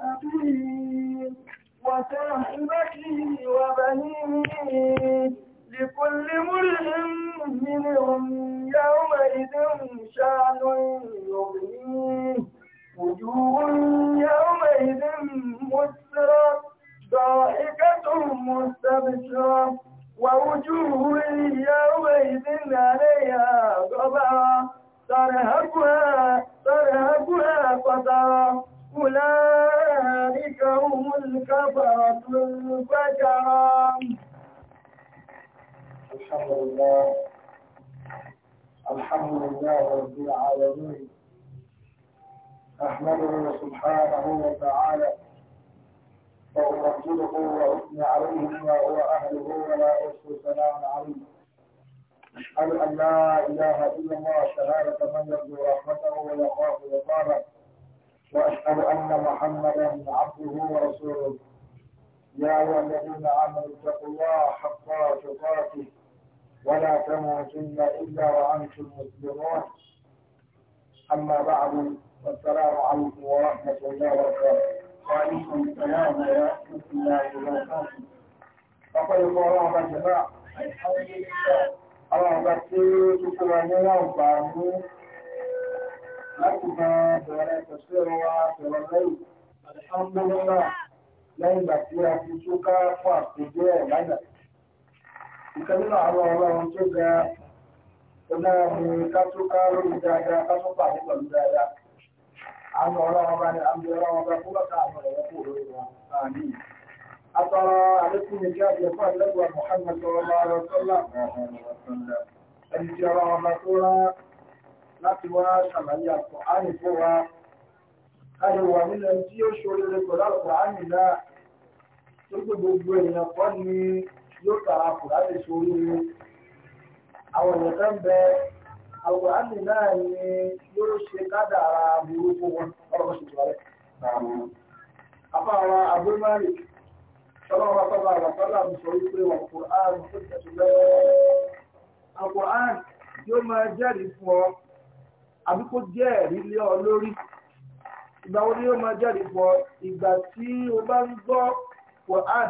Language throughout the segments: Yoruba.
وأخيه وصاحبته وبنيه لكل مرء منهم يومئذ شعن يغنيه وجوه يومئذ مسرة ضاحكة مستبشرة ووجوه يومئذ عليها غبرة ترهقها ترهقها قطرة أولئك ذلك هم الكفرة الفجرة الحمد لله الحمد لله رب العالمين أحمده سبحانه وتعالى وأفضله وأثني عليه بما هو أهله ولا أحصي سلام عليه أشهد أن لا إله إلا الله شهادة من يرجو رحمته ويخاف عقابه واشهد ان محمدا عبده ورسوله يا ايها الذين امنوا اتقوا الله حق تقاته ولا تموتن الا وانتم مسلمون اما بعد والسلام عليكم ورحمه الله وبركاته وعليكم السلام ورحمه الله وبركاته فقد قال الله جماعه الحمد لله الله بكيت وعلينا وبركاته أكبر ولا تسير وعشر الليل الحمد لله lẹ́yìn ìgbà tí a fi túká fún àpèjẹ ọ̀gájà. Ìkan nínú àwọn ọlọ́run tó ga ọ̀nà ni ká túká lórí dáadáa ká tún pàdé pẹ̀lú dáadáa. Àwọn ọlọ́run bá ní àmì ọlọ́run bá kúrò ká àwọn ọ̀rẹ́ kò lórí wọn àmì. Àtọ̀rọ̀ àlékún ní kí a jẹ fún àlẹ́gbà Mùhàmmad Sọlọ́lá Rọ́sọ́lá. Ẹni tí ọlọ́run bá tó rán láti wá ṣàlàyé àpò àyè fún wa káyọ̀ wà nílẹ̀ tí ó ṣòro lè pẹ̀lú àpò àyè náà tó gbé gbogbo ènìyàn kọ́ ni yóò kà àpò láti ṣòro àwọn èèyàn kan bẹ àpò àyè náà ni yóò ṣe kádàrá burúkú wọn ọlọ́kọ̀ ṣètò rẹ̀. àfàwọn Abu Malik sọlọ́wọ́ sọlá àwàsọ́lá mi sọ wípé wà kùrán tó tẹ̀sílẹ̀ àpò àyè yóò máa jẹ́rìí fún ọ àbí kó jẹ́ ẹ̀rí lé ọ lórí ìgbà wo ni yóò máa jẹ́rìí pọ̀ ìgbà tí o bá ń gbọ́ quran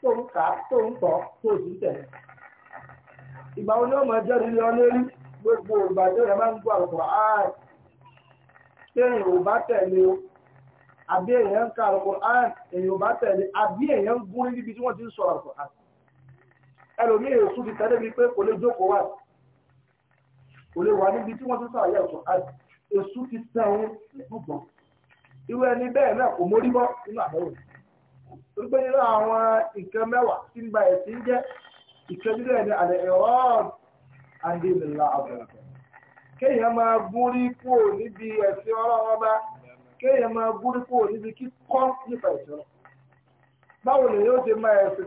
tó ń kà tó ń tọ́ tó sì ń tẹ̀lé ìgbà wo ni yóò máa jẹ́rìí lé ọ lórí gbogbo ìgbà tí o bá ń gbọ́ quran téèyàn ò bá tẹ̀lé o àbí èèyàn ń ka Al-Qur'an èèyàn ò bá tẹ̀lé àbí èèyàn ń gún níbi tí wọ́n ti ń sọ̀rọ̀ Al-Qur'an ẹlòmíì èso ti tẹ́lẹ̀ bíi pé kò lè jókòó wà kò lè wà níbi tí wọ́n ti sàyẹ̀ ọ̀tọ̀ àti èṣù ti sẹ́wọ́n lẹ́gbọ̀n irú ẹni bẹ́ẹ̀ náà kò mórí bọ́ nínú àbẹ̀wò torí pé nínú àwọn nǹkan mẹ́wàá tí ń gba ẹ̀sìn jẹ́ ìkẹ́jú ẹ̀ ní àlẹ́ ẹ̀rọ àdéhùnlá àbẹ̀rẹ̀ kéèyàn máa gúrí kúrò níbi ẹ̀sìn ọlọ́run ọba kéèyàn máa gúrí kúrò níbi kíkọ́ nípa ẹ̀sìn ọlọ́run báwo lè yóò ṣe máa ẹ̀sìn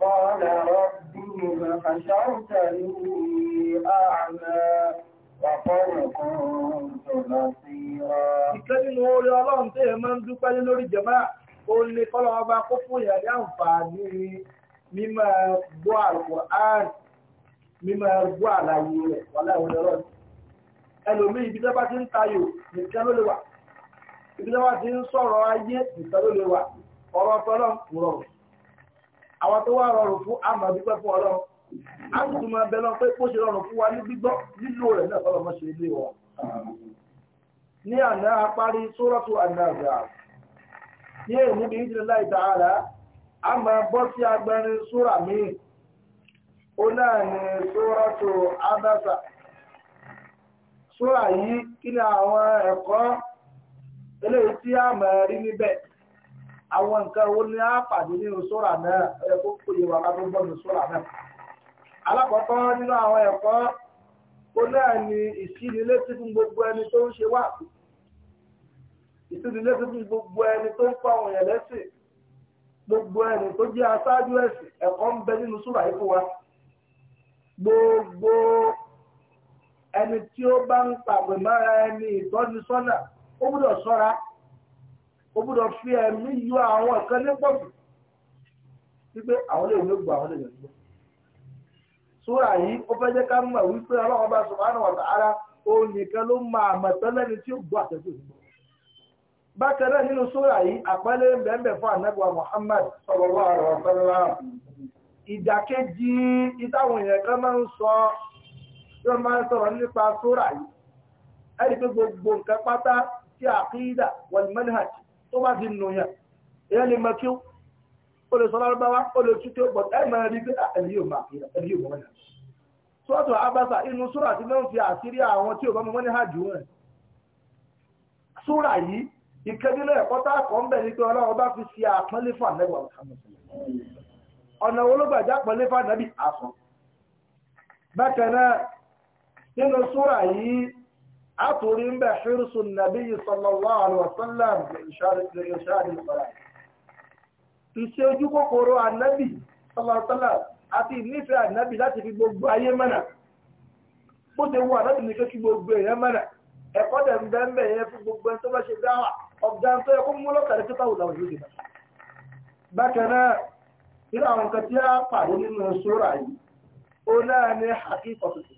قال ربي فحشرتني أعمى وقد كنت بصيرا ìkẹ́lì ní orí ọlọ́run tí èèmọ́ ń dúpẹ́ lé lórí jàmáà ó ní kọ́lọ̀ ọba kó fún ìyàrí àǹfààní mímọ́ gbọ́ Al-Qur'an mímọ́ gbọ́ àlàyé rẹ̀ wà láìwọ̀n ọlọ́run ẹlòmí ibi tẹ́bá ti ń tayò nìkan ló lè wà ibi tẹ́bá ti ń sọ̀rọ̀ ayé nìkan ló lè wà ọ̀rọ̀ ọ̀tọ́lọ́ kúrọ̀rùn àwọn tó wá rọrùn fún ama dúpẹ́ fún ọlọ́run a máa bẹ lọ pé kó ṣe rọrùn fún wa ní gbígbọ́ lílo rẹ̀ náà kọ́ lọ́mọ ṣe ilé wọn. ní àná apárí sórọ́tù àdáàdà ní èyí bí ìdílé láì tààrà a máa bọ́ sí abasa sóra yìí kí ni àwọn ẹ̀kọ́ eléyìí tí a máa àwọn nǹkan wo ni a pàdé nínú sóra náà ẹ kó péye wà ká tó bọ́ nínú sóra náà. alákọ̀ọ́kọ́ nínú àwọn ẹ̀kọ́ ó náà ni ìsínilétí fún gbogbo ẹni tó ń ṣe wà ìsínilétí fún gbogbo ẹni tó ń kọ́ àwọn èèyàn lẹ́sìn gbogbo ẹni tó jẹ́ aṣáájú ẹ̀sìn ẹ̀kọ́ ń bẹ nínú sóra yìí fún wa gbogbo ẹni tí ó bá ń pàgbẹ́ mọ́ra ẹni ìtọ́jú sọ́nà ó gbọ́dọ̀ sọ́ra ó gbọ́dọ̀ fi ẹ̀mí yọ àwọn kan ní pọ̀jù wípé àwọn lè wọlé gbọ́ àwọn lè wọlé gbọ́. sóra yìí ó fẹ́ jẹ́ ká mọ̀ wípé ọlọ́run bá subhanahu wa ta'ala òun nìkan ló mọ àmọ̀tán lẹ́ni tí ó gbọ́ àtẹ̀kù ìgbọ́. bákan náà nínú sóra yìí àpẹẹrẹ bẹ́ẹ̀ fún ànábì wa Muhammad sallallahu alaihi ìdàkejì ìtàwọn èèyàn kan máa ń sọ tí wọ́n máa ń sọ̀rọ̀ nípa sóra yìí ẹ̀rí pé gbogbo nǹkan pátá sí àkídà wal manhaj tó bá ya nù yàn èèyàn lè mọ kí ó lè sọ lárúbáwá ó lè tú ó pọ̀ ẹ̀ rí abasa inú súrà tí fi àṣírí àwọn tí ò bá mọ wọ́n ní hàjù rẹ̀. súrà yìí ìkẹ́dínlẹ̀ ẹ̀kọ́ a kọ́ ń bẹ̀ ni pé ọlọ́run bá fi ṣe àpọ́nlé fún ànẹ́wà ọ̀nà wo ló gbàjá pọ̀lé fún àtòrí ń bẹ̀ ṣírùsù nàbí sallallahu alaihi wasallam ìṣàrí ìsọ̀rọ̀ ìṣe ojú kòkòrò ànábì sallallahu alaihi wasallam àti ìnífẹ̀ẹ́ ànábì láti fi gbogbo ayé mọ́nà bó ṣe wù ànábì ní kékeré gbogbo èèyàn mọ́nà ẹ̀kọ́ dẹ̀ ń bẹ́ ń bẹ̀ yẹn fún gbogbo ẹni tó bá ṣe dáwà ọ̀gá tó yẹ kó mú lọ́kàrẹ́ tó táwọn làwọn yóò dé bákan náà nínú àwọn nǹkan tí a pàdé nínú sóra yìí ó náà ní àkíkọ̀ tuntun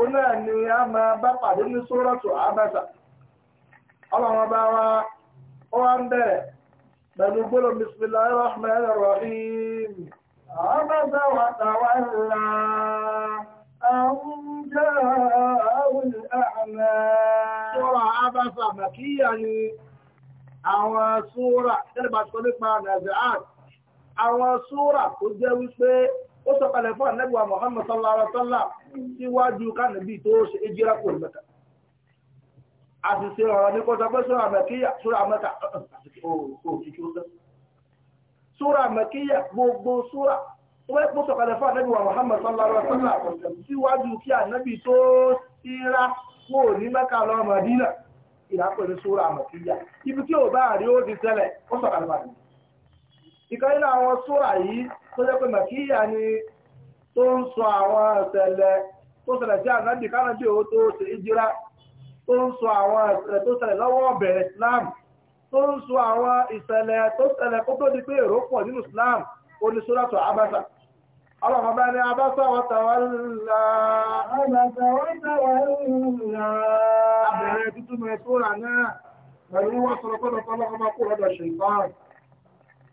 ó náà ni a máa bá pàdé ní sórọ́tù abasa ọlọ́run ọba wa ó wá ń bẹ̀rẹ̀ pẹ̀lú abasa wa tawalla àwọn jẹ́ àwọn àmà sóra abasa màkíyà ni àwọn sóra tẹ́lẹ̀ nípa nàìjíríà àwọn sóra tó jẹ́ wípé ó sọ̀kalẹ̀ fún ànẹ́gbà Muhammad sallallahu alaihi wasallam síwájú kánàbí tó ṣe ejira kò mẹ́ta àṣìṣe ọ̀rọ̀ ní kọjá pé sóra mẹ́kíyà sóra mẹ́ta sóra mẹ́kíyà gbogbo sóra ó wẹ́ pọ́ fún ànẹ́gbà Muhammad sallallahu alaihi wasallam síwájú kí ànẹ́bí tó síra kò ní Mẹ́kà lọ Mẹ́dínà ìdápẹ̀ ní sóra mẹ́kíyà ibi tí ò bá rí ó ti tẹ́lẹ̀ ó sọ̀kalẹ̀ fún ànẹ́bí tó jẹ́ pé màkíyà ni tó ń sọ àwọn ìṣẹ̀lẹ̀ tó ṣẹlẹ̀ sí ànábì kánábì owó tó ṣe ìjírá tó ń sọ àwọn ìṣẹ̀lẹ̀ tó ṣẹlẹ̀ lọ́wọ́ bẹ̀rẹ̀ Islam tó ń sọ àwọn ìṣẹ̀lẹ̀ tó ṣẹlẹ̀ kó tó di pé èrò pọ̀ nínú Islam oníṣúrátù Abasa ọlọ́run bá Abasa wọ́tawọ́lá Abasa wọ́tawọ́lá abẹ̀rẹ̀ tuntun mẹ́tòrà náà pẹ̀lú wọ́n sọ̀rọ̀ pẹ́lú ọlọ́run bá kó lọ́dọ̀ ṣe ìfọ́ràn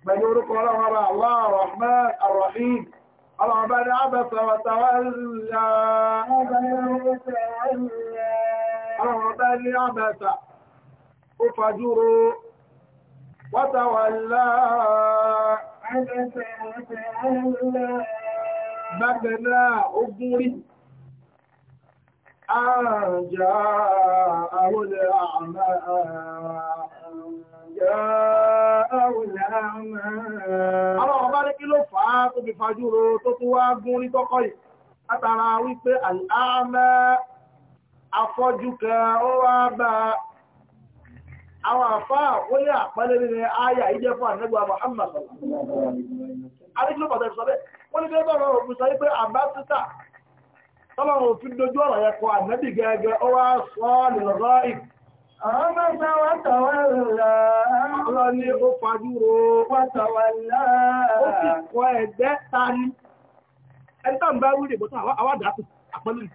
مجورك ولا وراء الله الرحمن الرحيم العبد عبس وتولى العبد عبس وفجر وتولى عبس وتولى مجنى أبو أن جاءه الأعمى جاءه tó fi fajúro tó tún wá gún ní tọ́kọ́ yìí látara wípé àmẹ́ afọ́jú kan ó wá bá àwọn àfáà ó ní nínú àyà ìjẹ́ fún àdínẹ́gbà Muhammad arígbìlópàtà ìsọ́bẹ̀ wọ́n ní gẹ́gẹ́ ọ̀rọ̀ òfin sọ wípé àbátítà tọ́lọ̀rọ̀ òfin dojú ọ̀rọ̀ yẹ kọ àdínẹ́bì gẹ́gẹ́ ó wá sọ ọ́ nìlọ́rọ̀ Ọmọ́ta wátàwàlá. Ọlọ́ ni ó fàdúró. Wátàwàlá. Ó sì kọ ẹgbẹ́ ta ní. Ẹgbẹ́ ń bá wúrì bọ́tán àwádàákù àpẹẹlú.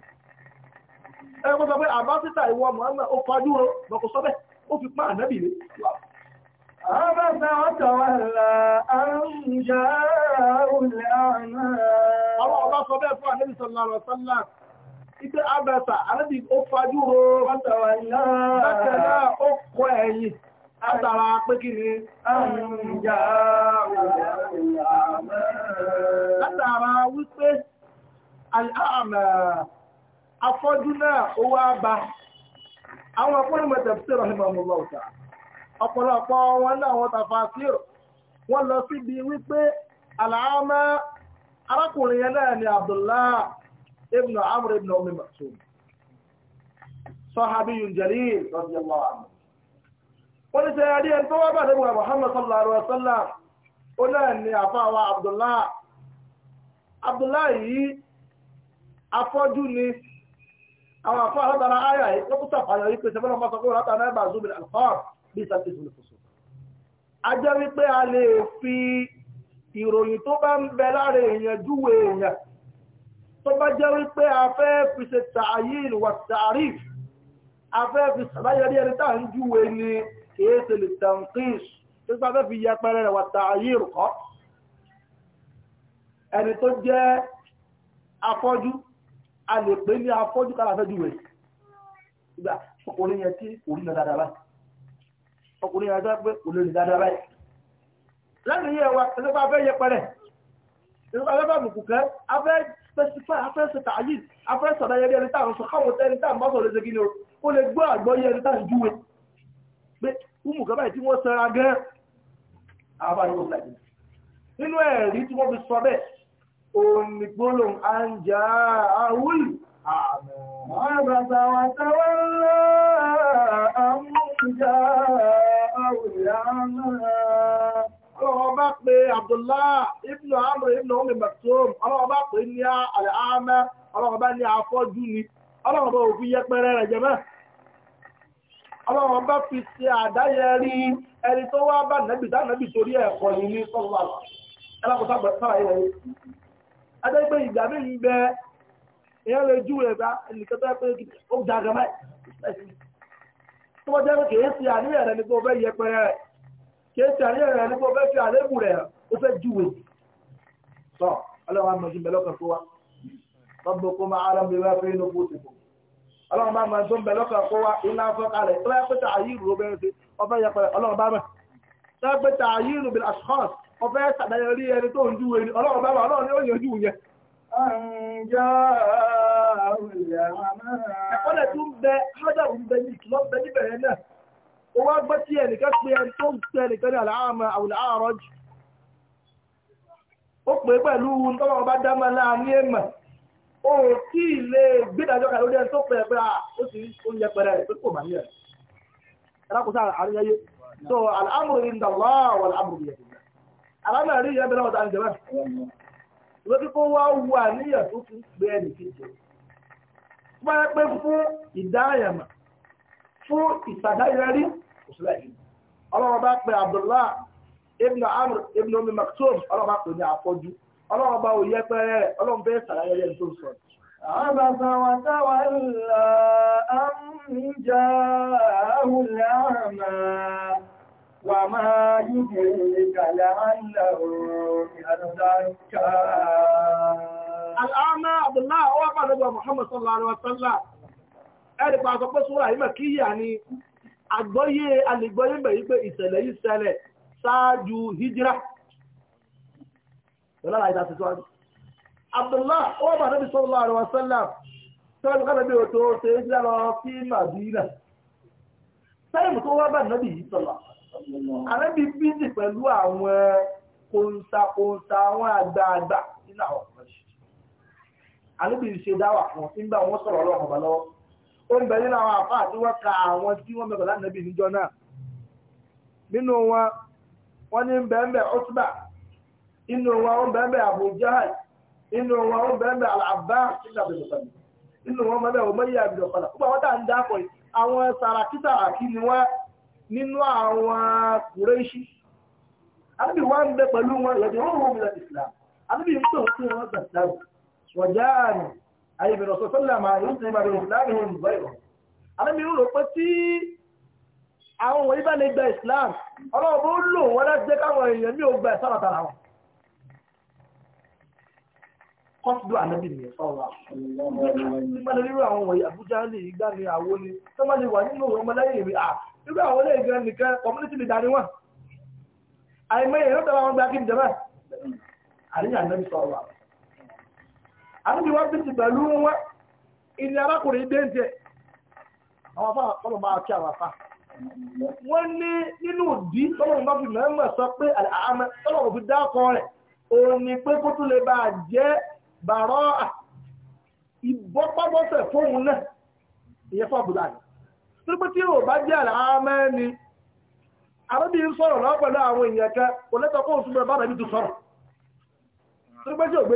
Ẹgbẹ́ sọ pé àbá títà ìwọ Mọ̀ọ́mọ̀ ó fàdúró bọ̀kọ̀ sọ́bẹ̀ ó fi pá ànẹ́bì rẹ̀. Ọmọ́ta wátàwàlá. Àrùn ìjà ipe abẹ́ta alábi ó fajú ro látẹ̀lá ó kọ ẹ̀yìn wípé àmà afọ́jú náà ó wá bá àwọn ọ̀pọ̀lọpọ̀ tẹ̀síọ̀rọ̀ ní ọmọlọ́ ọ̀tà ọ̀pọ̀lọpọ̀ wọn náà wọ́n tàfà sí wọ́n lọ síbi wípé arákùnrin yẹn náà ni ابن عمرو بن أم مكتوم صحابي جليل رضي الله عنه قل سيدي أن توابا نبوة محمد صلى الله عليه وسلم قلنا أني أفاوى عبد الله عبد الله يي afọ́jú ni àwọn afọ́ alátara ayà yìí ló kúta fàyọ̀ yìí pèsè fọ́nà mọ́sán kúrò látara ẹgbà zoom in alcohol bí sàtìs ní fòsò. a jẹ́ wípé a lè fi ìròyìn tó bá ń bẹ lára èèyàn júwe èèyàn tó bá jẹ́ wípé a fẹ́ fi ṣe tààyìn wà tààríf a fẹ́ fi ṣàbáyẹrí ẹni tàà ń júwe ni kìí ṣe lè tàǹkìs tó bá fẹ́ fi yẹ pẹ́rẹ́ rẹ̀ wà tààyìn kọ́ ẹni tó jẹ́ afọ́jú a lè pè ní afọ́jú kára fẹ́ júwe ìgbà ọkùnrin yẹn tí kò rí dáadáa báyìí ọkùnrin yẹn tó pé kò lè rí dáadáa báyìí lẹ́nu yẹn wa ẹni tó bá fẹ́ yẹ pẹ́rẹ́ ẹni tó bá fẹ́ bá bùkù kẹ́ specify afẹ́sẹ̀ tààyè afẹ́sẹ̀ ọ̀dáyẹrí ẹni táà ń sọ káwọn tẹ́ni táà ń bá sọ̀rọ̀ ṣe kí ni ó lè gbọ́ àgbọ́yé ẹni táà ń júwe pé umu kaba tí wọ́n sara gan abáyọ̀ láti nínú ẹ̀rí tí wọ́n fi sọ bẹ́ẹ̀ onígbóló àǹjà àwùl àmọ́ àbàtà wà táwọn ńlá àmújà àwùl àmọ́ ọlọ́wọ́ bá pé Abdullah ibn Amr ibn Umm Maktum ọlọ́wọ́ bá pé ní àmẹ́ ọlọ́wọ́ bá ní afọ́jú ni ọlọ́wọ́ bá òfin yẹpẹrẹ mẹ́ bá fi ṣe ẹni tó wá bá nàbì ni ní sábà sára ìgbà mi ń bẹ lè ju ẹ̀dá ẹnìkan tó yẹ pé ó dàgbà mẹ́ tó jẹ́ pé kéèkì àríyàn rẹ̀ nípa ọ̀fẹ́ fi àlébù rẹ̀ ó fẹ́ júwe sọ ọlọ́run àmọ̀ ìjìnbẹ̀ lọ́kàn tó wá tọ́gbọ́ kó máa ara mi wá fẹ́ inú kó ti fò ọlọ́run bá máa tó ń bẹ̀ lọ́kàn kó wá iná fọ́ kalẹ̀ tó yẹ pẹ́ta àyí ìrù obìnrin sí ọfẹ́ yẹ pẹ̀lẹ́ ọlọ́run bá mẹ́ tó yẹ pẹ́ta àyí ìrù bil ashkhas ọfẹ́ sàdáyẹ rí bá wà ọlọ́run ó wá gbọ́ tí ẹnìkan pé ẹni tó ń pè ẹnìkan ní àlàáàmà àwòlàárọ̀ jù ó pè pẹ̀lú tọ́wọ́ ọba dámọ́ láàánú èèmọ̀ ó tí ì lè gbẹ́dájọ́ kan lórí ẹni tó pè pé ó sì ń yẹ pẹ̀rẹ̀ tó kò bá ní ẹ̀ ẹ̀rákùsá so àlàámù rí ndàlá wà láàmù rí ẹ̀dùn àlámà rí ìyá bẹ̀rẹ̀ ọ̀tá ìjọba ìwé kíkó wá wù àníyàn tó fi gbé ẹnì kejì ó bá yẹ fún ìdáyàmà fún ìsàdáyẹrí mùsùlùmí ọlọ́run bá pe abdullah ibn amr ibn omi maktoum ọlọ́run bá pe ní afọ́jú ọlọ́run bá òye pẹ́rẹ́ rẹ̀ ọlọ́run bẹ́ẹ̀ sàdáyẹrí ẹni tó ń sọ̀rọ̀. عبس وتولى أن جاءه الأعمى وما يدريك لعله يزكى الأعمى عبد الله هو محمد صلى الله عليه وسلم ẹ̀rì pa sọ pé súra yìí mọ̀ kí yà ni àgbọ́yé alìgbọ́yé mẹ̀ yí pé ìṣẹ̀lẹ̀ yìí hijira lọ́la ìdá ti sọ́ọ́dún Abdullah ó bà níbi sallallahu alaihi wasallam si ṣe ń jẹ́ lọ sí Madina sẹ́yìn tó wá bà níbi yìí sọ̀lá àrẹ́bí bíjì pẹ̀lú àwọn kòńtàkòńtà àwọn àgbààgbà ó ń bẹ nínú àwọn àfáà tí wọ́n ka àwọn tí wọ́n mẹ́kọ̀ọ́ láti nàbí níjọ náà nínú wọn wọ́n ní bẹ́ẹ̀bẹ́ ọtúbà inú wọn ó bẹ́ẹ̀bẹ́ Abu inú wọn ó bẹ́ẹ̀bẹ́ Al-Abbas síta bẹ̀rẹ̀ pẹ̀lú inú wọn bẹ́ẹ̀bẹ́ Umayya bẹ̀rẹ̀ wọ́n tà ń dákọ̀ àwọn ni wọ́n nínú àwọn Kùrẹ́ṣì àbí wọ́n bẹ pẹ̀lú wọn wọ́n mi ayé ìbẹ̀rẹ̀ ọ̀sọ̀ sọ́lá máa yóò ti máa rẹ̀ láàrin ohun ìgbà ìwọ̀n alámìíràn rò pé tí àwọn wọ̀nyí bá lè gba Islam ọlọ́run bó lò wọ́n láti jẹ́ káwọn èèyàn ní ògbà ìsára tara wọn kọ́sídọ̀ ànábì ní ọ̀rọ̀ nígbà nínú àwọn wọ̀nyí Àbújá ní ìgbà ní àwọn ni tó má lè wà nínú ọmọlẹ́yìn mi à irú àwọn olóyìn àníbi wọ́n bíṣì pẹ̀lú wọn ilé arákùnrin déńtẹ̀ àwọn afá ọmọ máa kí àwọn afá wọ́n ní nínú òdí tọ́lọ́run bá fi mẹ́mọ̀ sọ pé àmọ́ tọ́lọ́run fi dákọ rẹ̀ òun ni pé kó tún lè bá jẹ́ bàárọ̀ ìbọ́pábọ́sẹ̀ fóun náà ìyẹn fún àbúrò àná tó pé tí ò bá jẹ́ àmọ́ ni àbẹ́bí ń sọ̀rọ̀ lọ́pẹ̀lú àwọn èèyàn kan kò lẹ́tọ̀ọ́ kó o tún bẹ̀rẹ̀ bá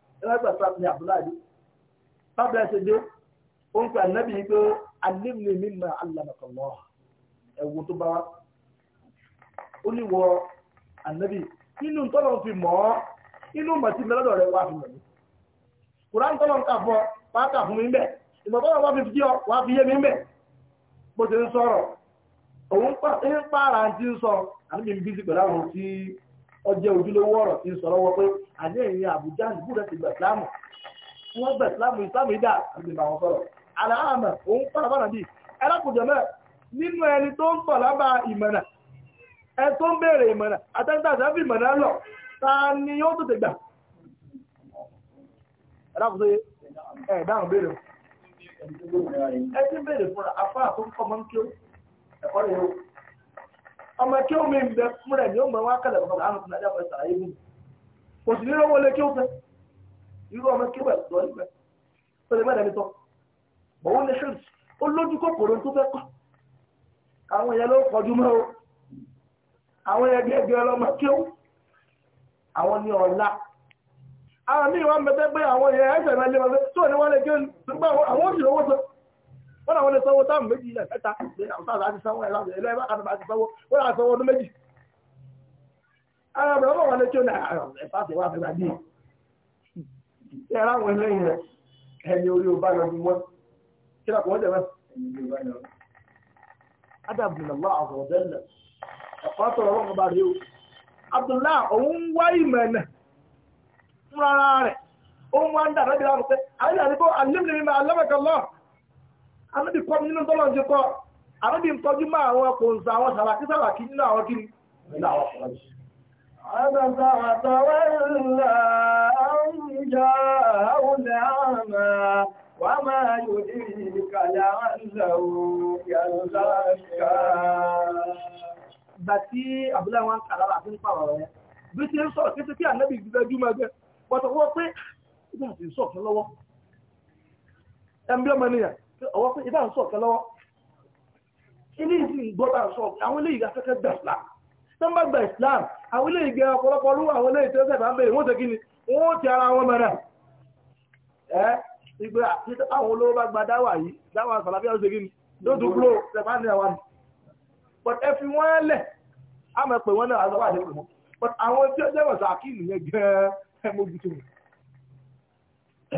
ẹlẹ́gbẹ̀ẹ́ sọ́ọ̀tù ní abdullahi bábà ẹ̀ ṣe dé ó ń pè ànábì yìí pé allimni mimma allamaka Allah ẹ̀wù tó bá wa ó ní wọ ànábì nínú tọ́lọ̀ fi mọ̀ ọ́ inú mọ̀tí mẹ́lọ́dọ̀ rẹ̀ wá fi mọ̀ mí kùrán tọ́lọ̀ ń kà fọ́ wá kà fún mi bẹ́ẹ̀ ìmọ̀tọ́lọ̀ wá fi fi ọ́ wá fi yé mi bẹ́ẹ̀ bó ti ń sọ̀rọ̀ òun ń pààrà ti ń sọ àníbi ń bí sí pẹ̀lú àwọn tí ọjọ́ ojúlówó ọ̀rọ̀ ti sọ̀rọ̀ wọ pé àní ẹ̀yin àbújá ìbúrẹ́ ti gbà ìsìlámù wọ́n gbà ìsìlámù ìsìlámù ìdá àti ìbáwọn sọ̀rọ̀ àlàámà òun pàrọ̀bàrà bíi ẹlẹ́kùnjẹ́ mẹ́ẹ̀ nínú ẹni tó ń tọ̀ lábà ìmọ̀nà ẹ tó ń béèrè ìmọ̀nà àtẹ́ntàṣẹ́ fi ìmọ̀nà lọ ta ni ó tètè gbà ẹlẹ́kùnjẹ́ ẹ̀ dáhùn béèrè ọmọ kí ó mi ń bẹ fún rẹ̀ ni ó mọ̀ wá kẹlẹ̀ bàbá àrùn fún ajáfẹ́ sàlàyé mi kò sì ní lọ́wọ́ lé kí ó fẹ́ irú ọmọ kí ó bẹ̀ lọ níbẹ̀ tó lè mẹ́rẹ̀ mi tọ́ bọ̀ wọ́n lè ṣe ó lójú kòkòrò tó fẹ́ kọ́ àwọn yẹn ló kọjú mọ́ o àwọn yẹn gẹ́gẹ́ ọlọ́mọ kí ó àwọn ní ọ̀la àwọn míì wọ́n mẹ́tẹ́ pé àwọn yẹn ẹ̀sẹ̀ náà lé wọn fẹ́ tó ní wọ́n lè kí ó wọ́n àwọn ẹ̀sánwó táwọn méjì ilẹ̀ mẹ́ta ọ̀sáàsá àwọn sanwó ọdún méjì. ara ah, wá fẹ́ra bí rẹ̀ òun wá ìmọ̀ẹ̀nà fúnra rẹ̀ òun wá ń dà lọ́dẹ̀ láàrú pé àyè àdìgbò àlẹ́ anábì kọ́ nínú tọ́lọ̀ ti kọ́ anábì ń tọ́jú mọ́ àwọn kòǹsà àwọn sàràkí sàràkí nínú àwọn kiri nínú àwọn kòǹsà. عبس وتولى أن جاءه الأعمى وما يدريك لعله يزكى Bàtí Abdullahi wọn kàrà láti ń pàrọ̀ rẹ̀. Bí ti ń sọ̀rọ̀ kété kí ànábì gbígbẹ́jú máa gbẹ́, pọ̀tọ̀ wọ́n pé ìgbìmọ̀ ti lọ́wọ́. Ẹ̀mí ọmọ ènìyàn, ọwọ́ pé ibà ń sọ ọ̀kẹ́ lọ́wọ́ ilé ìsìn gbọ́dọ̀ sọ àwọn ilé ìgbà fẹ́fẹ́ gbà Islam tọ́mbà gba Islam àwọn ilé ìgbà ọ̀pọ̀lọpọ̀ ló wà àwọn ilé ìtẹ́sẹ̀ bá ń bèèrè wọ́n tẹ́kí ni wọ́n ti ara wọn mẹ́rẹ̀ ẹ́ ìgbà àwọn olówó bá gba dáwà yìí dáwà sàlàfíà ṣe kí ni lóòtú kúrò sẹ̀fánì àwa ni but ẹ fi wọ́n lẹ̀ á mọ̀ pé wọ́n náà àzọ́wà dé pè wọ́n but àwọn tí ó jẹ́ wọ̀sà kí nìyẹn gan-an ẹ̀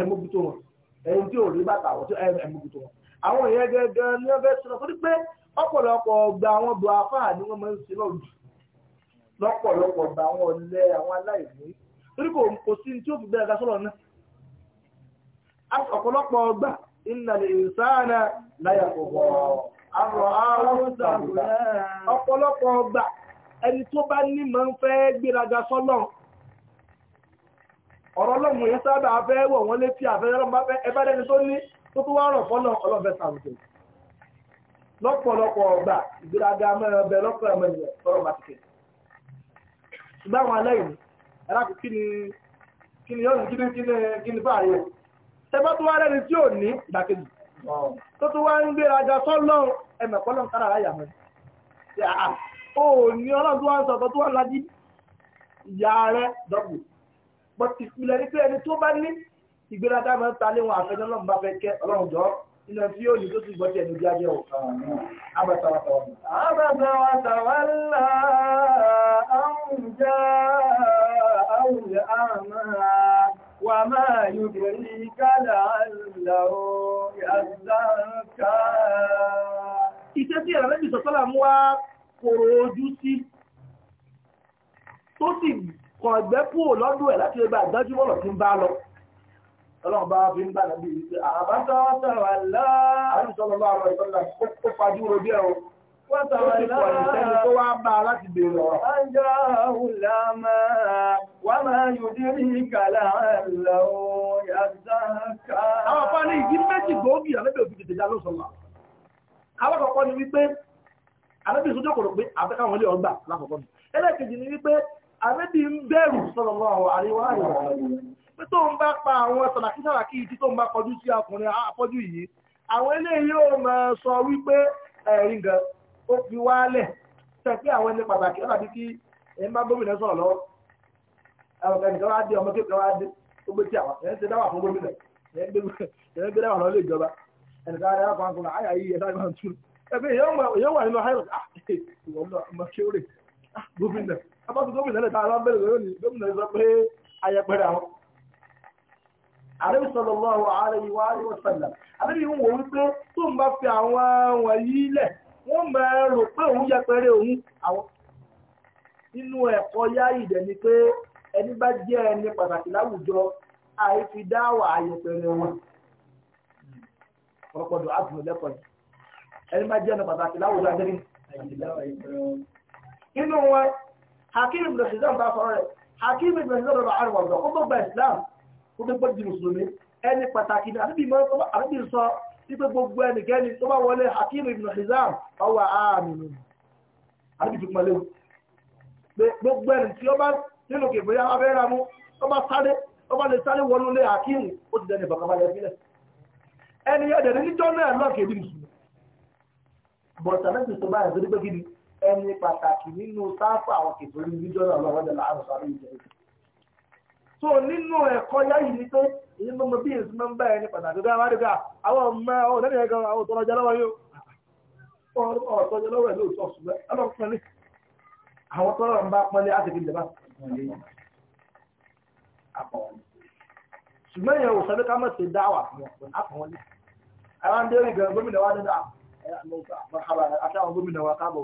mọ́gbìtò wọn ẹni tí ò rí bàtà wọ́n tí ẹ mú kutu wọn. àwọn èèyàn gẹ́gẹ́ ní ọbẹ̀ sọ̀rọ̀ torí pé ọgbà àwọn bu ni wọ́n máa ń sin lọ́dù lọ́pọ̀lọpọ̀ ọgbà àwọn ọ̀lẹ́ àwọn aláìní torí kò kò sí tí fi bẹ́ẹ̀ ga náà. ọgbà ìsáànà láyà àwọn ọ̀rọ̀ ọlọ́run yẹn sábà afẹ́ wọ̀ wọ́n létí àfẹ́rẹ́ ọlọ́run bá fẹ́ ẹ bá dẹni tó ní tó tó wá rọ̀ fọ́nà ọlọ́fẹ́ sàrùkè lọ́pọ̀lọpọ̀ ọgbà ìgbéraga ni kí ni yọ̀nù kí ni kí ni bá yẹ ṣẹbọ́ tó wá rẹ́ni tí ò ní ìdàkejì tó tó wá ń gbéraga sọ́lọ́ ẹ̀mẹ̀kọ́lọ́ kára ráyà mọ́ ò ní ọlọ́run wá ń sọ̀tọ̀ tó wá ń lajú ìyá rẹ̀ dọ́gbù but ìpìlẹ̀ ni pé ẹni tó bá ní ìgbéraga máa ń ta léwọn àfẹnú ọlọ́run bá fẹ́ kẹ́ ọlọ́run jọ nínú tí yóò ní tó ti gbọ́ tí ẹni bí ajẹ́ òkà àbàtàwàtàwà. mú wá kòrò ojú sí tó sì kọ̀ ẹgbẹ́ kú lọ́dún ẹ̀ láti ẹgbẹ́ àdájú mọ́nà tí ń bá lọ ọlọ́run bá fi ń bá nàbí wípé àbátọ́ tàwàlá àrùsọ́lọ́ bá rọ ìtọ́lá ó fajú ro bí ẹ̀rọ wọ́n tàwàlá ìtẹ́ni tó wá bá láti bèèrè ọ̀rọ̀. ọjọ́ òlàmà wà máa yóò dé rí kàlà àlọ́ yàtàkà. àwọn afá ní ìdí méjì gbòógì àlẹ́bẹ̀ òfin tètè já lọ́sọ̀lá. àwọn kọ̀ọ̀kan ni wípé àlẹ́bẹ̀ ìsọjọ́ kò rò pé àfẹ́káwọn ilé ọgbà lákọ̀ọ́kọ́ ni. ẹlẹ́kejì ni wípé àrẹ́bí ń bẹ̀rù sallallahu alaihi wa sallam pé tó ń bá pa àwọn ìdí tó ń bá kọjú sí yìí àwọn eléyìí sọ wípé gan ó fi wálẹ̀ tẹ̀ pé àwọn ẹni pàtàkì kí ẹ̀ ń bá gómìnà sọ̀rọ̀ àwọn wá dé ọmọ kékeré wá dé ó gbé tí àwọn dáwà fún gómìnà gbé dáwà fún akọ̀nà yìí abọ́tí gómìnà lè tààrà bẹ̀rẹ̀ lónìí gómìnà sọ pé ayẹpẹrẹ àwọn àrẹ́bí sọ̀rọ̀ lọ́wọ́ ààrẹ ìwà àríwọ̀ sẹ̀lẹ̀ àrẹ́bí ń wò wípé tó ń bá fi àwọn wọ̀nyí lẹ̀ wọ́n mọ̀ ẹ́ rò pé òun yẹpẹrẹ òun àwọn nínú ẹ̀kọ́ yáyì dẹ̀ ni ẹni bá jẹ́ ẹni pàtàkì láwùjọ àìfi dáwà wọn hakim ibn hizam bá sọ̀rọ̀ rẹ̀ hakim ibn hizam bá àrùn ọ̀dọ̀ ó gbọ́gbà islam ó gbọ́gbà di mùsùlùmí ẹni pàtàkì ní àdúgbì mọ́ àdúgbì sọ wípé gbogbo ẹnikẹ́ni tó bá wọlé hakim ibn hizam ọwọ́ àmìnú àdúgbì fi pọ̀lẹ́wò gbogbo ẹni tí ó bá nínú kèfèrè abẹ́rẹ́ mú ó bá sáré ó bá lè sáré wọnú lé hakim ó ti dẹni bàkàbalẹ̀ sílẹ̀ ẹni ẹ̀dẹ̀ níjọ́ náà lọ́ọ̀kẹ́ bí mùsùlùmí bọ̀tà náà ti sọ ẹni pàtàkì nínú sáfà àwọn kìtìrí níjọ́ náà lọ́wọ́ dẹ̀ láàrùn nínú ẹ̀kọ́ yáyì ni pé èyí ló mọ bí máa ń bá ẹni pàtàkì bí wọ́n á dìgbà àwọn ọmọ ọ̀hún lẹ́nu ẹ̀gán àwọn ọjà lọ́wọ́ yóò ọ̀tọ́ ọjà lọ́wọ́ ẹ̀ lóòótọ́ ṣùgbọ́n ẹ àwọn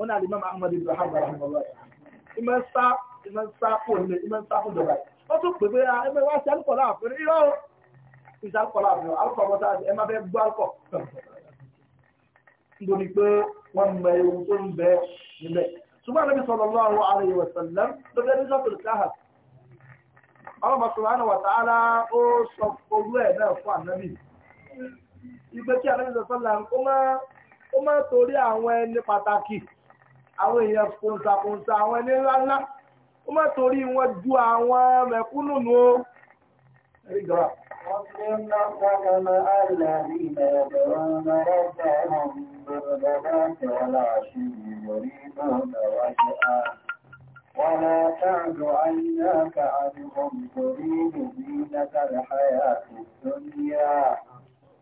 wọ́n ní alimami ahmed ibn hanbal rahimahullah ìmọ̀ ń sá ìmọ̀ ń sá kó nílé ìmọ̀ ń sá kó jọba wọ́n tún pè pé ah, ẹgbẹ́ wá sí alukọ̀lá àfẹ́rẹ́ irọ́ o ìṣe alukọ̀lá àfẹ́rẹ́ alukọ̀ ọmọ sáà ẹ má fẹ́ gbọ́ alukọ̀ nítorí wọ́n mọ ewu tó ń bẹ níbẹ̀ ṣùgbọ́n àlejò sallallahu alaihi wa sallam ló fẹ́ nígbà tó lè káhà ọlọ́mọ subhanahu wa ta'ala ó sọ olú ẹ̀ náà fún ànábì ìgbé kí àlejò àwọn èèyàn kòǹtàkòǹtà àwọn ẹni ńláńlá ó má torí wọn ju àwọn mẹ̀kúnnù nù ó. واصبر نفسك مع الذين يدعون ربهم بالغداة والعشي يريدون وجهه ولا تعد عيناك عنهم تريد زينة الحياة الدنيا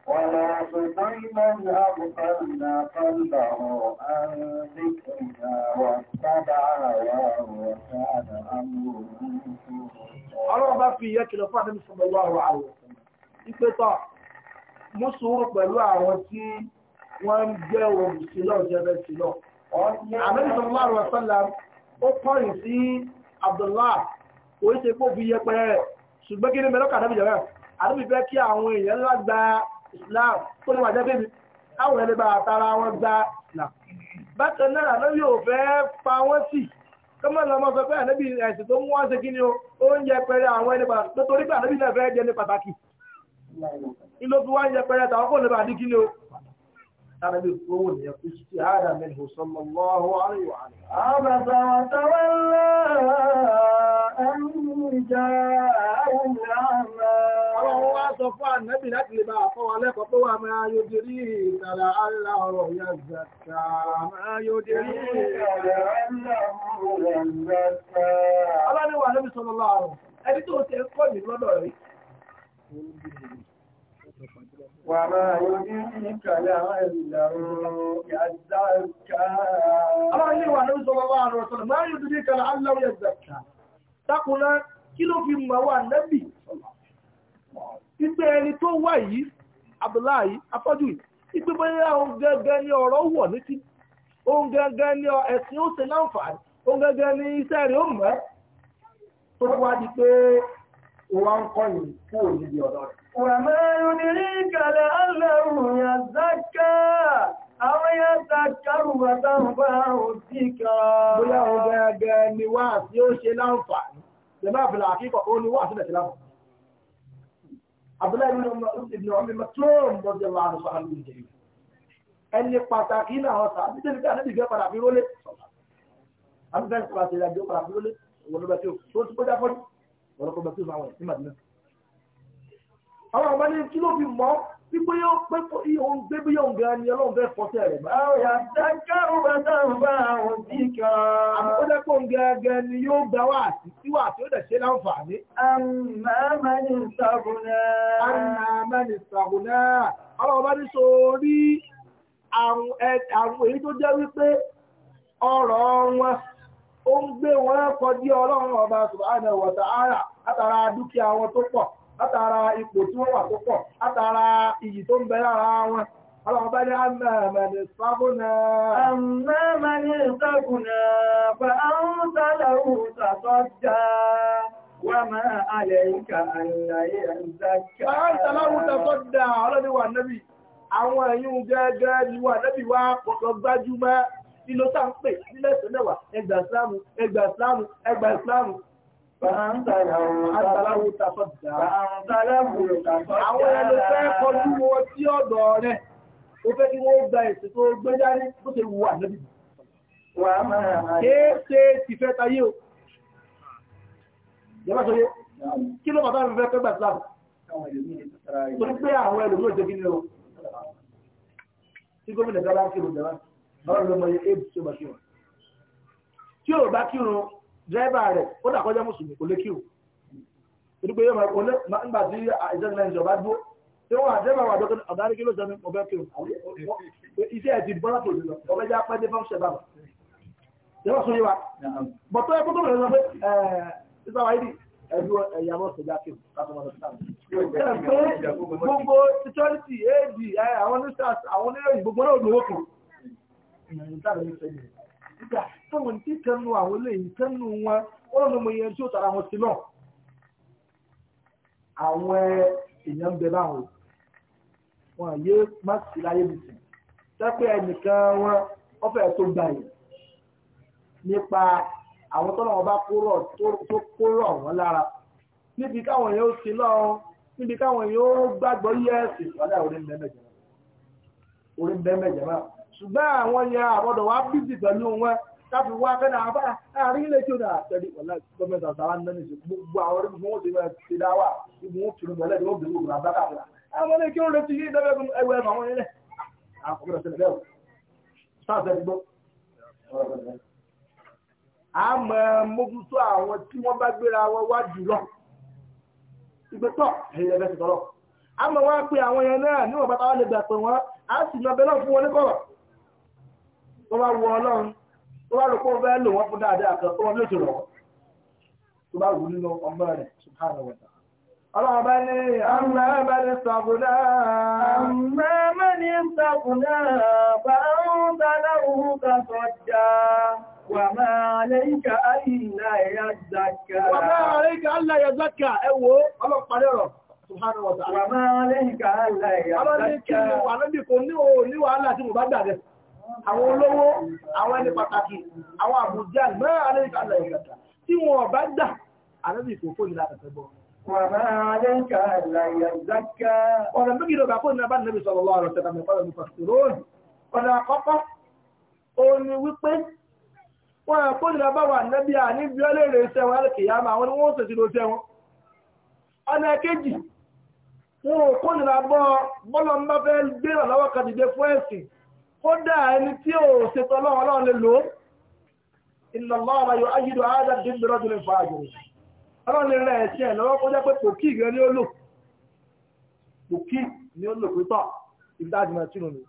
ولا تطع من أغفلنا قلبه عن ذكرنا واتبع هواه وكان أمره Ọlọ́run bá fi ìyẹ́ kìlọ̀ fún àdébí sọ̀bọ̀lọ́ àwọn àwọn ìpẹ́tọ̀ mú sùúrù pẹ̀lú àwọn tí wọ́n ń jẹ́ òòrùn sílọ̀ jẹ́bẹ̀ sílọ̀. Àdébí sọ̀bọ̀lọ́ àwọn sọ́lá ó pọ̀yìn sí Abdullah kò í ṣe pé òbí yẹpẹrẹ ṣùgbọ́n mẹ́lọ́kà islam kó lè wà jẹ́ bíbí káwọn ẹlẹ́gbà àtàrà wọn gba islam bákan náà ló yóò fẹ́ pa wọ́n sí kọ́mọ̀ lọ mọ́ sọ pé ànábì ẹ̀sìn tó mú wọ́n ṣe kí ni o oúnjẹ pẹrẹ àwọn ẹni pàtàkì torí pé ànábì náà fẹ́ jẹ ní pàtàkì ìlò fi wá ń jẹ pẹrẹ tàwọn kò النبي يقول يقول هذا منه صلى الله عليه وآله عبس وتولى أن جاءه الأعمى Ọlọ́run wá sọ fún ànẹ́bì láti lè máa fọ́ wa lẹ́kọ̀ọ́ pé wà máa yóò di rí ìtàlà àlà ọ̀rọ̀ ìyá zàkà. Máa yóò di ìtàlà àlà ọ̀rọ̀ ìyá zàkà. Ọlọ́run وما يدريك لعله يزكى الله يقول النبي صلى الله عليه وسلم ما wà yìí ní ọ̀rọ̀ wọ̀ létí ohun gẹ́gẹ́ ní ẹ̀sìn ó ṣe láǹfààní ohun gẹ́gẹ́ iṣẹ́ rẹ̀ ó mọ̀ tó wá di pé òun á ọ̀dọ́ rẹ̀ وما يدريك لعله يزكى أو يذكر وتنفعه الذكرى bóyá òun gẹ́gẹ́ ni wá sí ó ṣe láǹfààní jẹ́mọ́ àfẹ́lá àkíkọ̀ ó ní wá sílẹ̀ sí láǹfààní Abdullahi ibn Umar Maktum bọ́jẹ̀ wà ní sọ́hálù ìjẹ̀yìn ẹni pàtàkì náà wọ́n sá àti tẹ́lifí àti ìgbẹ́ padà fi rólé àti tẹ́lifí àti ìgbẹ́ padà fi rólé wọ́n ló bẹ̀ tí ó tó àwọn ọmọ ní kí ló fi mọ́ wípé yóò pé òun gbé bí yóò gan ni ọlọ́run fẹ́ fọ́tẹ́ rẹ̀ bá. àwọn àdákàrò bàtà ń bá àwọn bí kan. àbúkọ́jẹ́ pé òun gangan ni yóò gba wá àti tíwà tí ó dẹ̀ ṣe láǹfààní. àmàmà ní ìṣàgùnà. àmàmà ní ìṣàgùnà. àwọn ọmọ ní sórí àwọn èyí tó jẹ́ wípé ọ̀rọ̀ wọn ó ń gbé wọn kọjú ọlọ́run ọba subhanahu wa ta'ala látara dúkìá wọn tó pọ̀ látara ipò tí wọ́n wà tó pọ̀ látara iyì tó ń bẹ lára wọn. Ọlọ́run bá ní àmàmàdì sábúnà. Àmàmàdì sábúnà bá ń sálàrù sàtọ́jà wà máa alẹ́ ìkà àlàyé àìsàkà. Bá ń sálàrù sàtọ́jà ọlọ́dún wà nẹ́bì. Àwọn ẹ̀yìn Fàáńtà lahu tafadda. Fàáńtà lahu tafadda. ọ̀dọ̀ rẹ̀. Ó fẹ́ kí wọ́n gba èsì tó gbé jáde bó ṣe wù ànábì. Wà á máa rà. Kéèké ti fẹ́ tayé o. Ìjọba sọ yé. Kí ló bàbá mi fẹ́ gbà sílámù? Torí pé àwọn ẹlòmíràn jẹ́ jẹ́ wá. Báwo dírẹ́bà rẹ̀ ó dà kọjá mùsùlùmí kò lè kí o nígbà yóò máa kọlé nígbà tí ìjọba ìjọba dúró tí wọ́n wà dírẹ́bà wà dọ́kẹ́ ọ̀dárí kí ló sọ ní ọbẹ̀ kí o iṣẹ́ ẹ̀ ti bọ́ látò lọ ọbẹ̀ jẹ́ apẹ́ dé fámṣẹ́ bàbà yẹ́wọ́ sọ yé wa bọ̀tọ́ ẹ̀kọ́ tó bẹ̀rẹ̀ lọ pé ìgbà wáyé ni ẹ̀dú ẹ̀yà lọ sọ̀dá kí o gbogbo security ad àwọn oníṣẹ́ àwọn oníròyìn gbogbo náà lówó kan gbígbà fáwọn tí kẹnu àwọn eléyìí kẹnu wọn wọn lọ mọ iye tí ó tara wọn sí náà àwọn èèyàn ń bẹ báwọn wọn yé má sí láyé nìsín sẹ́pẹ́ ẹnìkan wọn wọ́n fẹ́ẹ́ tó gbà yìí nípa àwọn tọ́lọ́ wọn bá kóró tó kóró ọ̀wọ́n lára níbi káwọn èèyàn ó sí náà níbi káwọn èèyàn ó gbàgbọ́ yẹ́ẹ̀sì wọ́n dà orí ń bẹ́ẹ̀ mẹ́jọ náà orí ń bẹ́ẹ̀ ṣùgbọ́n àwọn yẹn àbọ̀dọ̀ wá bíbí pẹ̀lú wọn káfí wá fẹ́ náà bá àárín ilé tí ó dà tẹ̀lé ọ̀la gọ́ọ̀mẹ̀ntì àtàwọn náà nìṣẹ́ gbogbo àwọn orí fún wọn ti ti dá wà ibi wọn kìlọ̀ mọ́lẹ́ ìwọ́n bẹ̀rù àwọn ilé kí wọ́n retí yí dábẹ́ àwọn ilé àkọ́kọ́rọ̀ sílẹ̀ bẹ́ẹ̀ a mọ mójútó àwọn tí wọ́n bá gbéra wọn wá jùlọ ìgbẹ́tọ̀ ẹ̀yẹ bẹ́ẹ̀ ti tọ́lọ̀ a mọ wọn pé àwọn yẹn tó bá wọ ọlọ́run tó bá rò pé fẹ́ lò wọ́n fún dáadáa kan tó wọn ní òjò lọ́wọ́ tó bá wù nínú ọmọ rẹ̀ subhanahu wa Ọlọ́run bá ní sàbùdá. sàbùdá bá ń Wà máa àìlà ẹ̀yà Wà máa àìlà ẹ̀yà ọlọ́pàá Wà máa àìlà ẹ̀yà àwọn olówó àwọn ẹni pàtàkì àwọn àbújá náà alẹ́ríkà lẹ̀ ìgbàta tí wọn ọ̀bá gbà alẹ́bí ìkòkò ìlà àtẹ̀tẹ̀ bọ̀. ọ̀nà méjì ló bá kó ní abáni lẹ́bi sọ̀rọ̀ lọ́rọ̀ tẹ̀ka mẹ́fà lọ́nà pàṣípòrónì ọ̀nà àkọ́kọ́ òun ni wípé wọn àkó ní abáwà nẹ́bí àní bíọ́lẹ̀ rẹ̀ sẹ́wọ̀n alẹ́kìyàmà àwọn ni wọ́n sèṣì lọ sẹ́wọ̀n ọ̀nà kejì wọn ò kó nira bọ́ bọ́lọ̀ ń gbé ìrànlọ́wọ́ kan dìde fún ẹ̀sìn kódà ẹni tí ò ṣètò ọlọ́run ọlọ́run lè lò ó inna Allaha yóò ayídò áádá dínbìrọ́ jùlọ ìfọ àjò ọlọ́run lè rẹ̀ ẹ̀sìn ẹ̀ lọ́wọ́ kọjá pé kò kí ìrẹ́ ni ó lò kò kí ni ó lò pípọ̀ ìdájì máa tìrù ni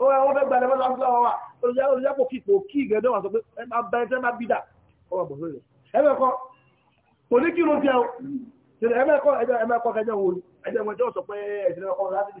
ó wá wọ́n fẹ́ gbalẹ̀ fẹ́ lọ́wọ́ wa olùjẹ́ kò kí kò kí ìrẹ́ náà sọ pé ẹ máa bẹ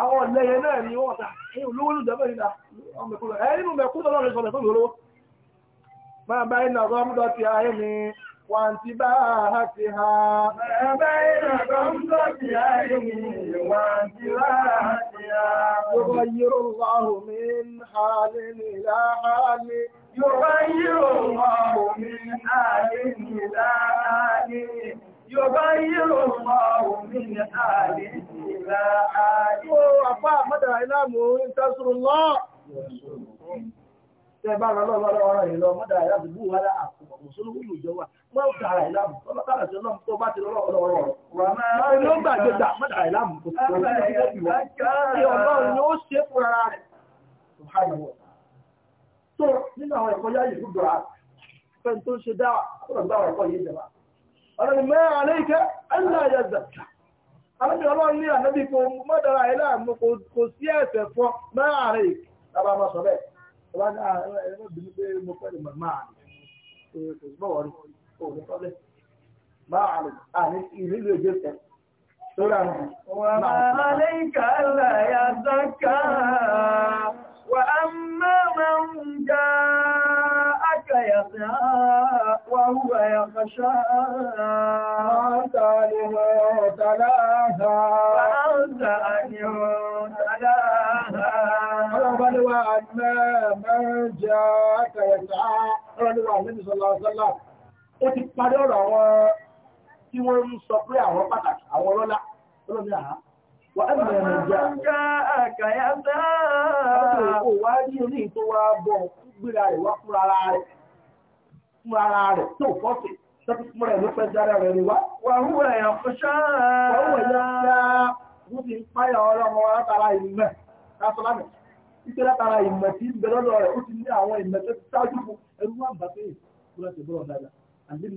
àwọn ọ̀lẹ́yẹ náà ni wọ́n ta ẹ̀yìn olówó ló dẹ̀bẹ̀ nígbà ọmọkúrò ẹ̀ nínú mẹ́kúrò lọ́rọ̀ ìsọ̀lẹ̀ máa bá iná gọ́mdọ̀ ti ayé mi wà ti bá a ti ha máa bá iná gọ́mdọ̀ ti ayé mi Yóò àpá àmọ́dà ìlàmù ìtàṣùrùlọ́. Tẹ́ bá rọ lọ́wọ́ lọ́wọ́ ìlọ mọ́dà ìlàbùbù wà láàkùn òṣèlú ìjọ wà. Mọ́ tààrà ìlàmù, ọlọ́ tààrà sí ọlọ́mù tó bá ti lọ́wọ́ ọlọ́rọ̀. Ló gbàgbé gbà mọ́dà ìlàmù kò sí ọlọ́run ni ó ṣe fún ara rẹ̀. Tó nínú àwọn ẹ̀kọ́ yáyì gbogbo ara, fẹ́ tó ṣe dáwà, ó lọ gbà àwọn ẹ̀kọ́ yìí jẹba. Ọlọ́run mẹ́rin àlẹ́ ìkẹ́, ẹ̀ ń náà yẹ zàkà àwọn ọlọ́run ní ànábì kò mọ́dára ilé àmú kò sí ẹ̀sẹ̀ fọ́ máa rè bàbá máa sọ bẹ́ẹ̀ bàbá ní àwọn ẹ̀rọ bìnú pé mo fẹ́ lè máa rè kò sí bọ́wọ́ rí kò ní sọ bẹ́ẹ̀ máa rè àní ìlú èdè sẹ́ lórí àwọn ọmọ máa rè kàlà yàtọ̀ kàá wà á má máa ń jáà. يسعى وهو يخشى فأنت عنه تلاها فأنت عنه تلاها ولو أن من جاءك يسعى ولو أن النبي صلى الله عليه وسلم ó ti parí ọ̀rọ̀ àwọn tí wọ́n ń sọ pé àwọn pàtàkì àwọn ọlọ́lá ọlọ́bí àá wà á bẹ̀rẹ̀ nàìjíríà. ọjà àkàyà sáà. ó wá ní orí tó wá bọ̀ gbéra rẹ̀ wá fúnra rẹ̀ fún ara rẹ̀ tó fọ́sẹ̀ tọ́tí fún rẹ̀ ló pẹ́jọ́ ara rẹ̀ wá. wà á wúwo ẹ̀yàn kó ṣáá. wà á wúwo ẹ̀yàn ṣáá. wọ́n fi ń páyà ọlọ́mọ látara ìmọ̀ lásọ̀lámẹ̀. ìṣe látara ìmọ̀ tí ń bẹ lọ́dọ̀ rẹ̀ ó ti ní àwọn ìmọ̀ tó ti ṣáájú fún ẹrú wà bá pé kúrẹ́ ti bọ́ọ̀ dáadáa. àdébí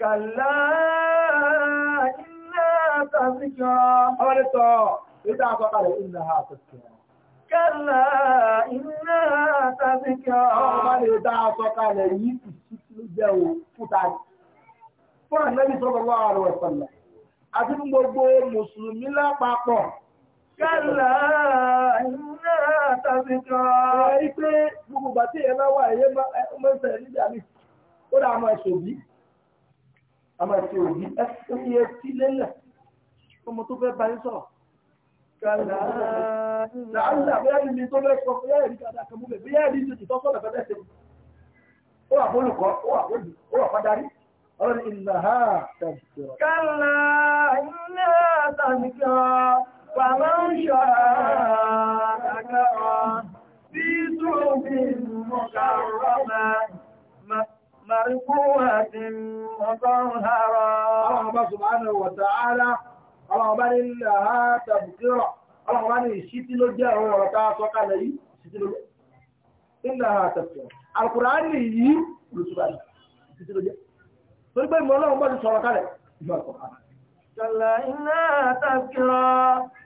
kàlá iná tàbíkọ́ ọlọ́dẹ́tọ̀ ìdá àkọ́kàlẹ̀ iná àtàkọ́ kàlá iná tàbíkọ́ ọlọ́dẹ́ ìdá àkọ́kàlẹ̀ yìí ti ṣíkí ló jẹ́ o fúta fún àlẹ́bí sọ́kọ̀ọ́ àrùn ẹ̀sọ̀lẹ̀ àti gbogbo mùsùlùmí lápapọ̀ Kálà iná tàbíkọ́. Ẹ rí pé gbogbo bàtí ẹ̀ bá wà ẹ̀yẹ́ mọ́ ẹ̀sẹ̀ nígbà ní. Ó dà mọ́ ẹ̀ṣòbí a máa ṣe òbí ẹni ẹ ti lélẹ̀ ọmọ tó fẹ́ báyìí sọ̀rọ̀. Kàlá làálà bóyá ìlú tó fẹ́ sọ bóyá ìlú kàdá kan múlẹ̀ bóyá ìlú tó tọ́ sọ̀rọ̀ fẹ́ tẹ̀sẹ̀. Ó wà fólùkọ́, ó wà fólùkọ́, ó wà fádarí. Ọlọ́run ìlàhà tàbíkọ́. Kàlá ìlú tàbíkọ́, wà máa ń ṣọ́ra àkàrọ̀ bí tó bí mọ̀kàrọ̀ máa. مرفوعة مطهرة الله سبحانه وتعالى الله بل لها الله بل الشيء لو جاء ورطا سوكا لي إنها تذكرة القرآن لي رسول الله torí pé ìmọ̀ ọlọ́run bọ́ ti sọ̀rọ̀ kalẹ̀ ìjọ àkọ́kọ́. Ṣọlá iná tàbíra,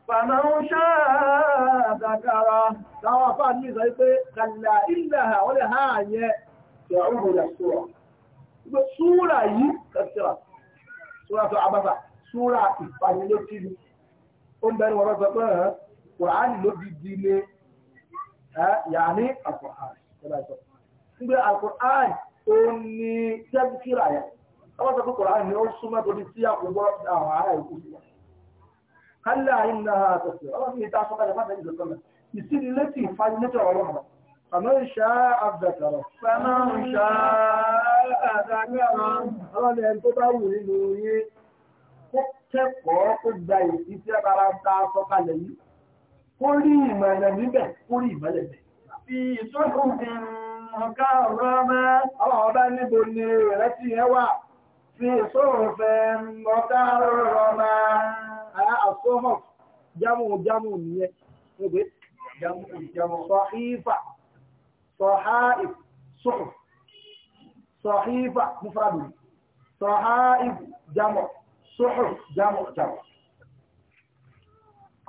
fàmà ń ṣáàdàkàrà, láwọn àfáà ní ìsọ̀ wípé kàlà ìlà àwọn lè háà yẹ, ṣe àwọn òun ṣùgbọ́n súra yìí kẹsìrà súra tó abáfà súra ìfanilétí ni ó ń bẹ̀rù wọn sọ pé ẹ̀hán kùránì ló di di ilé yàní àkùránì nígbà àkùránì ó ní tẹ́kìrà yẹn ọwọ́ sọ pé kùránì ni ó súnmọ́ tó di sí àkùgbọ́ àwọn ará ìkú àtàgbàrán ọlọ́dẹ̀ tó bá wù nínú yé kẹ́kọ̀ọ́ tó gba ìsí tí abara ta sọ́kalẹ̀ yìí kó rí ìmọ̀lẹ̀ níbẹ̀ kó rí ìmọ̀lẹ̀ bẹ̀. fi ìtọ́jú ọ̀gá ọ̀rọ̀ mẹ́ àwọn ọba níbo ni ìrẹsì yẹn wà fi ìṣòròfẹ́ ọ̀gá sọ̀hífà sọ̀há ìṣòrò صحيفة مفرد صحائف جمع صحف جمع جمع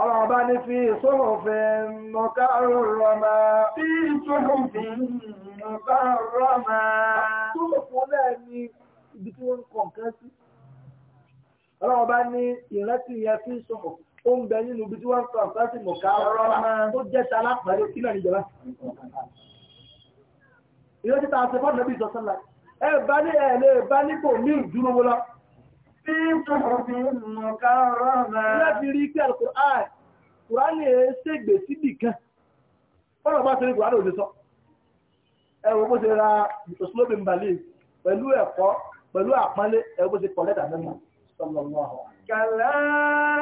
ọlọ́run bá ní fi sóhùnfẹ́ mọ́kàrọ̀rọ̀mà fi sóhùnfẹ́ mọ́kàrọ̀rọ̀mà sóhùnfẹ́ náà ni ibi tí wọ́n ń kọ̀ nǹkan sí ọlọ́run bá ní ìrántí yẹn fi sóhùn ó ń bẹ nínú ibi tí wọ́n ń kọ̀ nǹkan sí mọ́kàrọ̀rọ̀mà tó jẹ́ ta lápẹ̀rẹ̀ kí náà níjọba ìrántí ta ṣe fọ́ọ̀nù níbi ìsọ̀sọ́lá ẹ̀bá ní ẹ̀lẹ́ ẹ̀bá nípò ní ìdúró wọn lọ. Bí tòbí mọ̀ká rọ́mà. Láti quran Qur'an lè ṣègbè síbì kan. Bọ́lá bá torí Qur'an òde sọ. Ẹ̀wọ̀n bó ṣe ra Òṣìlóbi Mbàlì pẹ̀lú ẹ̀kọ́ pẹ̀lú àpọ́nlé ẹ̀wọ̀n bó ṣe kọ̀ lẹ́tà mẹ́mọ́. Kàlá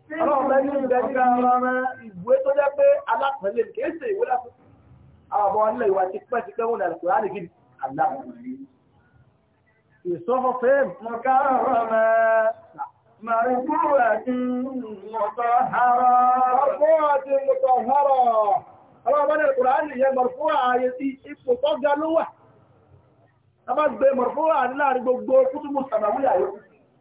Ọlọ́run bẹ́ ní ìgbẹ́ nígbà ọmọ ìwé tó jẹ́ pé alápẹ̀lẹ̀ kìí ṣe ìwé lásán. Àwọn ọmọ ilẹ̀ ìwà ti pẹ́ ti pẹ́ wọn dàlùkù láti gidi. Ìsọ́fọ́ fẹ́m. Mọ̀ká ọ̀rọ̀ mẹ́. Màrìkúrẹ̀ ti mọ̀tọ̀ hàrọ̀. Mọ̀kúrẹ̀ ti mọ̀tọ̀ hàrọ̀. Ọlọ́run bẹ́ ní Kùránì yẹn mọ̀rùkú ààyè ti ipò tó ló wà. A máa gbé mọ̀rùkú ààrẹ láàrin gbogbo kútùmù sàmàwí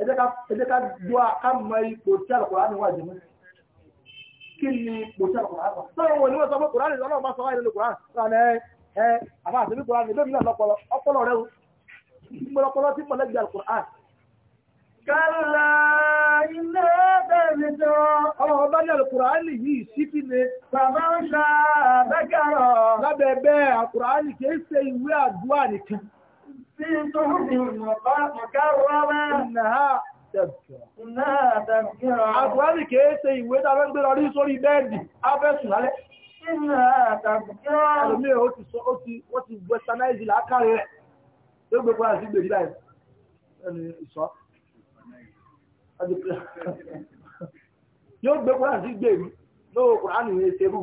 ẹjẹ́ ka dúà ka mọ ipò tí àlùkùránì wà jù mí kí ni ipò tí àlùkùránì wà sọ́yìn wọn ni wọ́n sọ pé kùránì lọ́nà ọba sọ wáyé lórí ẹ ẹ àbá àti kùránì lómi náà lọ́pọlọ ọpọlọ rẹ o kálá iná bẹ̀rẹ̀ jọ. yìí sí kí ni. bàbá ń ta lábẹ́ bẹ́ẹ̀ kì í ṣe ìwé àdúrà nìkan. في صحف مكرمة إنها تذكرة إنها تذكرة àkùránì kìí ṣe ìwé tàbí ń gbéra rí sórí bẹ́ẹ̀dì afẹ́sùn lálẹ́ إنها تذكرة ẹlòmíì ó ti sọ ó ti wọ́n ti westernize làákàrẹ̀ rẹ̀ tó gbogbo àti gbèdí láì ẹni ìsọ́ yóò gbogbo àti gbèdí lóòkùnrin àmì ìṣerú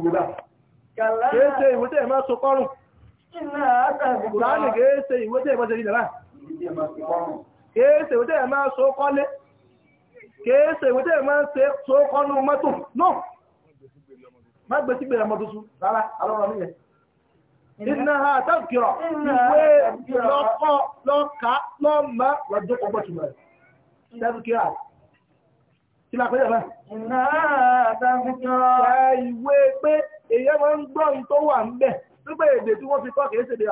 Kùránì kéèsè ìwé tẹ́ ìwọ́n tẹ́ ìdàrá. Kéèsè ìwé tẹ́ ẹ̀ máa so kọ́lé. Kéèsè ìwé tẹ́ ẹ̀ máa so kọ́nú mọ́tò. No! Má gbé sí gbèrè mọ́tò sùn rárá, alọ́rọ̀ níyẹn. Iná ha tàbíkìrọ̀, ìwé lọ́kọ́ lọ́ka lọ́mọ lọ́jọ́ ọgbọ́ tùmọ̀ nígbà èdè tí wọ́n fi kọ́ kìí ṣèdè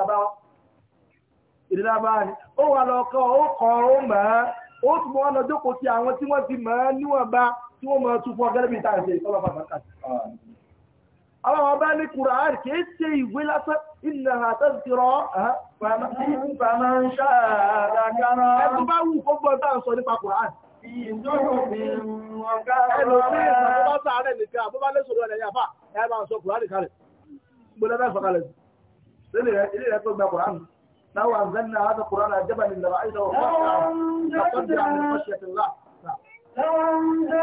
èdè bàbá ni ó wà lọ kọ́ ó kọ́ ó mọ̀ ẹ́ ó tún mọ́ ọ́nà jókòó sí àwọn tí wọ́n ti mọ̀ ẹ́ níwọ̀nba tí wọ́n mọ̀ ẹ́ tún fún ọgẹ́rẹ́ bíi táyà ṣe ìkọ́lọ́ bàbá àwọn ọba ní kìí ṣe ìwé lásán ẹ̀ بلا ذا فقالت سنه الى ان تقرا القران لو انزلنا هذا القران عجبا من رايته وقد قد عن مشيه الله نعم. لو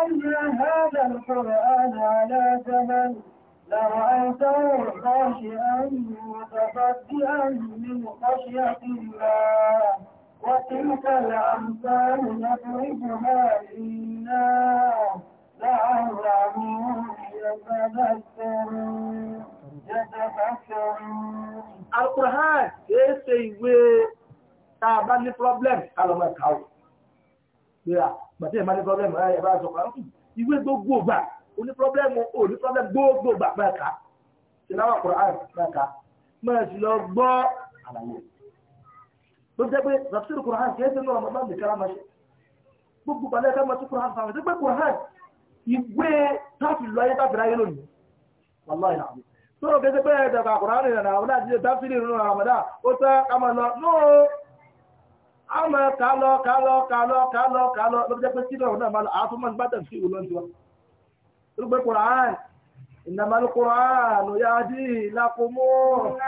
انزلنا هذا القران على زمن لرايته خاشئا متفجئا من خشيه الله وتلك الامثال نخرجها انا لعلهم يتذكرون Al-Qur'an kìí ṣe ìwé tàà ní problem alọ́mọ ẹ̀ka o. Bíra, gbàtí ẹ̀ máa ní problem ẹ̀ bá sọ̀kọ̀ àrùn. Ìwé gbogbo gbà, o ní problem o ní problem gbogbo gbà máa kà. Al-Qur'an máa kà. Máa sì lọ gbọ́ àlàyé. Ló Qur'an kìí ṣe ní ọmọ bá nìkan máa ṣe. Gbogbo balẹ̀ ká máa tún Qur'an fáwọn ẹ̀ṣẹ́ pé Qur'an ìwé táfi lọ ayé táfi ráyé lóòrò kéde pé ẹ̀dọ̀kà kùránì ìrìnà àwọn àti ìdáfílì ìrìnà àmàdà ó tẹ́ kàmà lọ lóò àmà kálọ kálọ kálọ kálọ kálọ lóòrò jẹ́ pé kí lọ́wọ́ náà máa lọ àtúmọ̀ nígbà tẹ̀ sí ìwúlọ́ tiwa lóògbé kùránì إنما القرآن يهدي لكم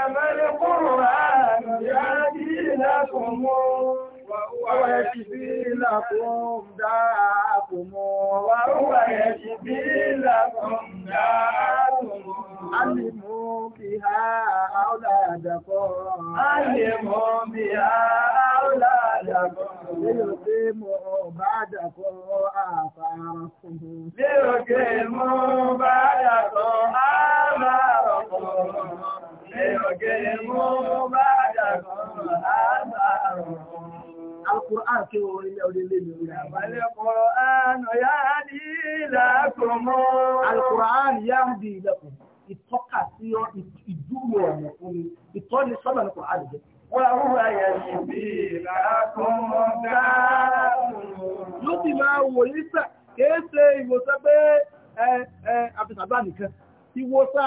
إنما القرآن يهدي وهو يشفي لكم داءكم وهو يشفي لكم داءكم علموا بها أولادكم علموا بها أولادكم ليقيموا بعدكم آثاركم ليقيموا بعدكم آثاركم ليقيموا بعدكم آثاركم Kùrán kí wọ́n ilé orí ilé mi wúlò. ya Kùrán yá ní ìlàkùnmọ́. Alkùrán yá ń di ìlẹ̀kùn. Ìtọ́ka sí ìdúró ọ̀nà fún mi. Ìtọ́ni sọ́nà ní Kùrán jẹ́. Wàhúwà yẹ ìbí ìlàkùnmọ́ dáàbùn. Ló sì máa wò yí sà, kìí ṣe ìwòsàn pé àfisàgbà nìkan. Ìwòsàn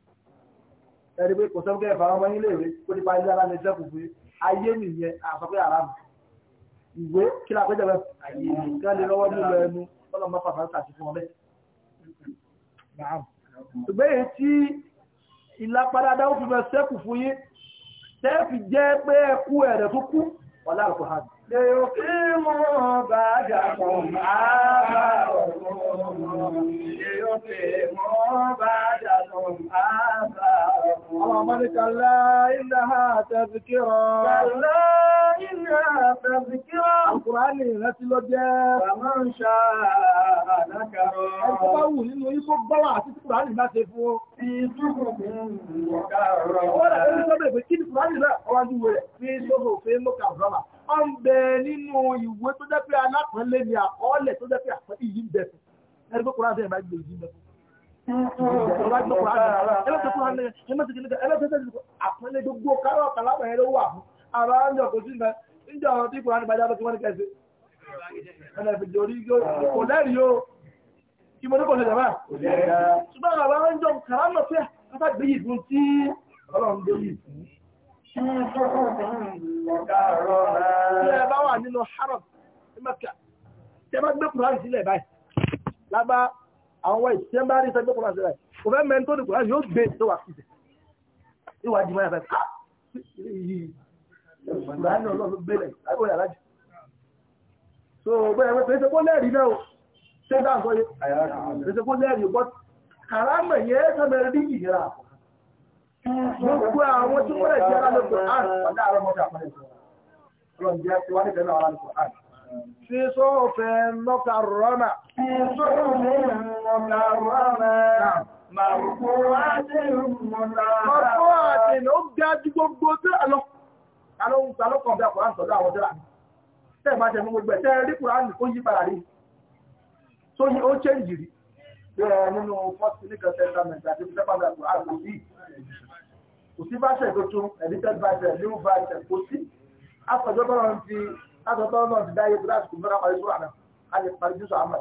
ẹni pé kò sọ pé ẹ̀fà ọmọ yín léèrè kó nípa ilé ara lè sẹ́kù fún ayé nìyẹn àsọ pé àrà mi ìwé kí la péjọ bẹ àyè nǹkan lè lọ́wọ́ nílò ẹnu ọlọ́mọ fàfà sàtì fún ọ bẹ́ẹ̀. ṣùgbọ́n èyí tí ìlápadà dáwọ́ fi mọ sẹ́kù fún yín sẹ́ẹ̀fì jẹ́ pé ẹkú ẹ̀rẹ̀ tó kú ọ̀lá àlùkò hàn mí. ليقيموا بعدكم آباءكم ليقيموا بعدكم آباءكم ملك الله إنها تذكرة كلا إنها تذكرة القرآن láti lọ jẹ́ فمن شاء ذكر ẹ̀kọ́ bá wù nínú ikó bọ́wà àti tí kùránì bá ṣe fún ti túnkùnkùn mọ̀kàrọ̀ ọwọ́ kí ni kùránì náà ọwájú rẹ̀ fi sọ́bọ̀ fẹ́ mọ́kàrọ̀ ọ ń bẹ nínú ìwé tó jẹ́ pé alápọ̀nlé ni àkọọ́lẹ̀ tó jẹ́ pé àpọ́lẹ̀ yìí ń bẹ fún ẹni pé kúránì bá gbé yìí ń bẹ fún. Àpọ́nlé gbogbo kárọ̀ kàlámà ẹ̀rọ wà fún àrà ọ̀nà kò sí mẹ́ níjọ́ àwọn tí kúránì bá jábọ́ kí wọ́n ní kẹsì. Ẹnà ìfìdí orí kò lẹ́rìí o. Ìmọ̀lẹ́ kò lè dàbà. Ṣùgbọ́n àwọn ọ̀nà kàrámà fẹ́ Ilẹ̀ bá wà nínú Haram ní Mẹ́kà. Tí ẹ bá gbé Kùránì sílẹ̀ báyìí, lábá àwọn wáyìí tí ẹ bá rí sọ gbé Kùránì sílẹ̀. Kò fẹ́ mẹ́rin tó ní Kùránì yóò gbé tó wà sílẹ̀. Ìwà di ká. Kùránì ah! ọlọ́run gbé rẹ̀ So bẹ́ẹ̀ wọ́n fẹ́ kó lẹ́rìí náà o. Ṣé dáhùn sọ yé? Fẹ́ kó lẹ́rìí o. Kàrámẹ̀ gbogbo àwọn tí wọ́n rẹ̀ jẹ́ alálòpọ̀ àrùn padà àrùn mọ́ta àpẹẹrẹ ìṣòro ọlọ́run jẹ́ tí wọ́n nífẹ̀ẹ́ náà alálòpọ̀ àrùn sí sóòfẹ́ lọ́ta rọ́nà sí sóòfẹ́ lọ́ta rọ́nà màrùkú àti mọ́ta màrùkú àti ní ó ga jù gbogbo tí àlọ́ alóhun tí alókàn bí àkùrán sọ̀dọ̀ àwọn jẹ́ra tẹ́ bá jẹ́ mú gbogbo ẹ̀ tẹ́ rí kùrán ó yí padà rí tó yí ó chẹ́ǹjì rí nínú fọ́sí níkan tẹ́ńtà mẹ́ta tí ó fi tẹ́pàdà kò sí báṣẹ̀ tuntun edited báṣẹ̀ new báṣẹ̀ kò sí àtọ̀jọ́ tọ́lọ́ ń fi látọ̀ tọ́lọ́ náà ti dáyé láti kò mẹ́ra parí sóra náà a lè parí jésù àmà.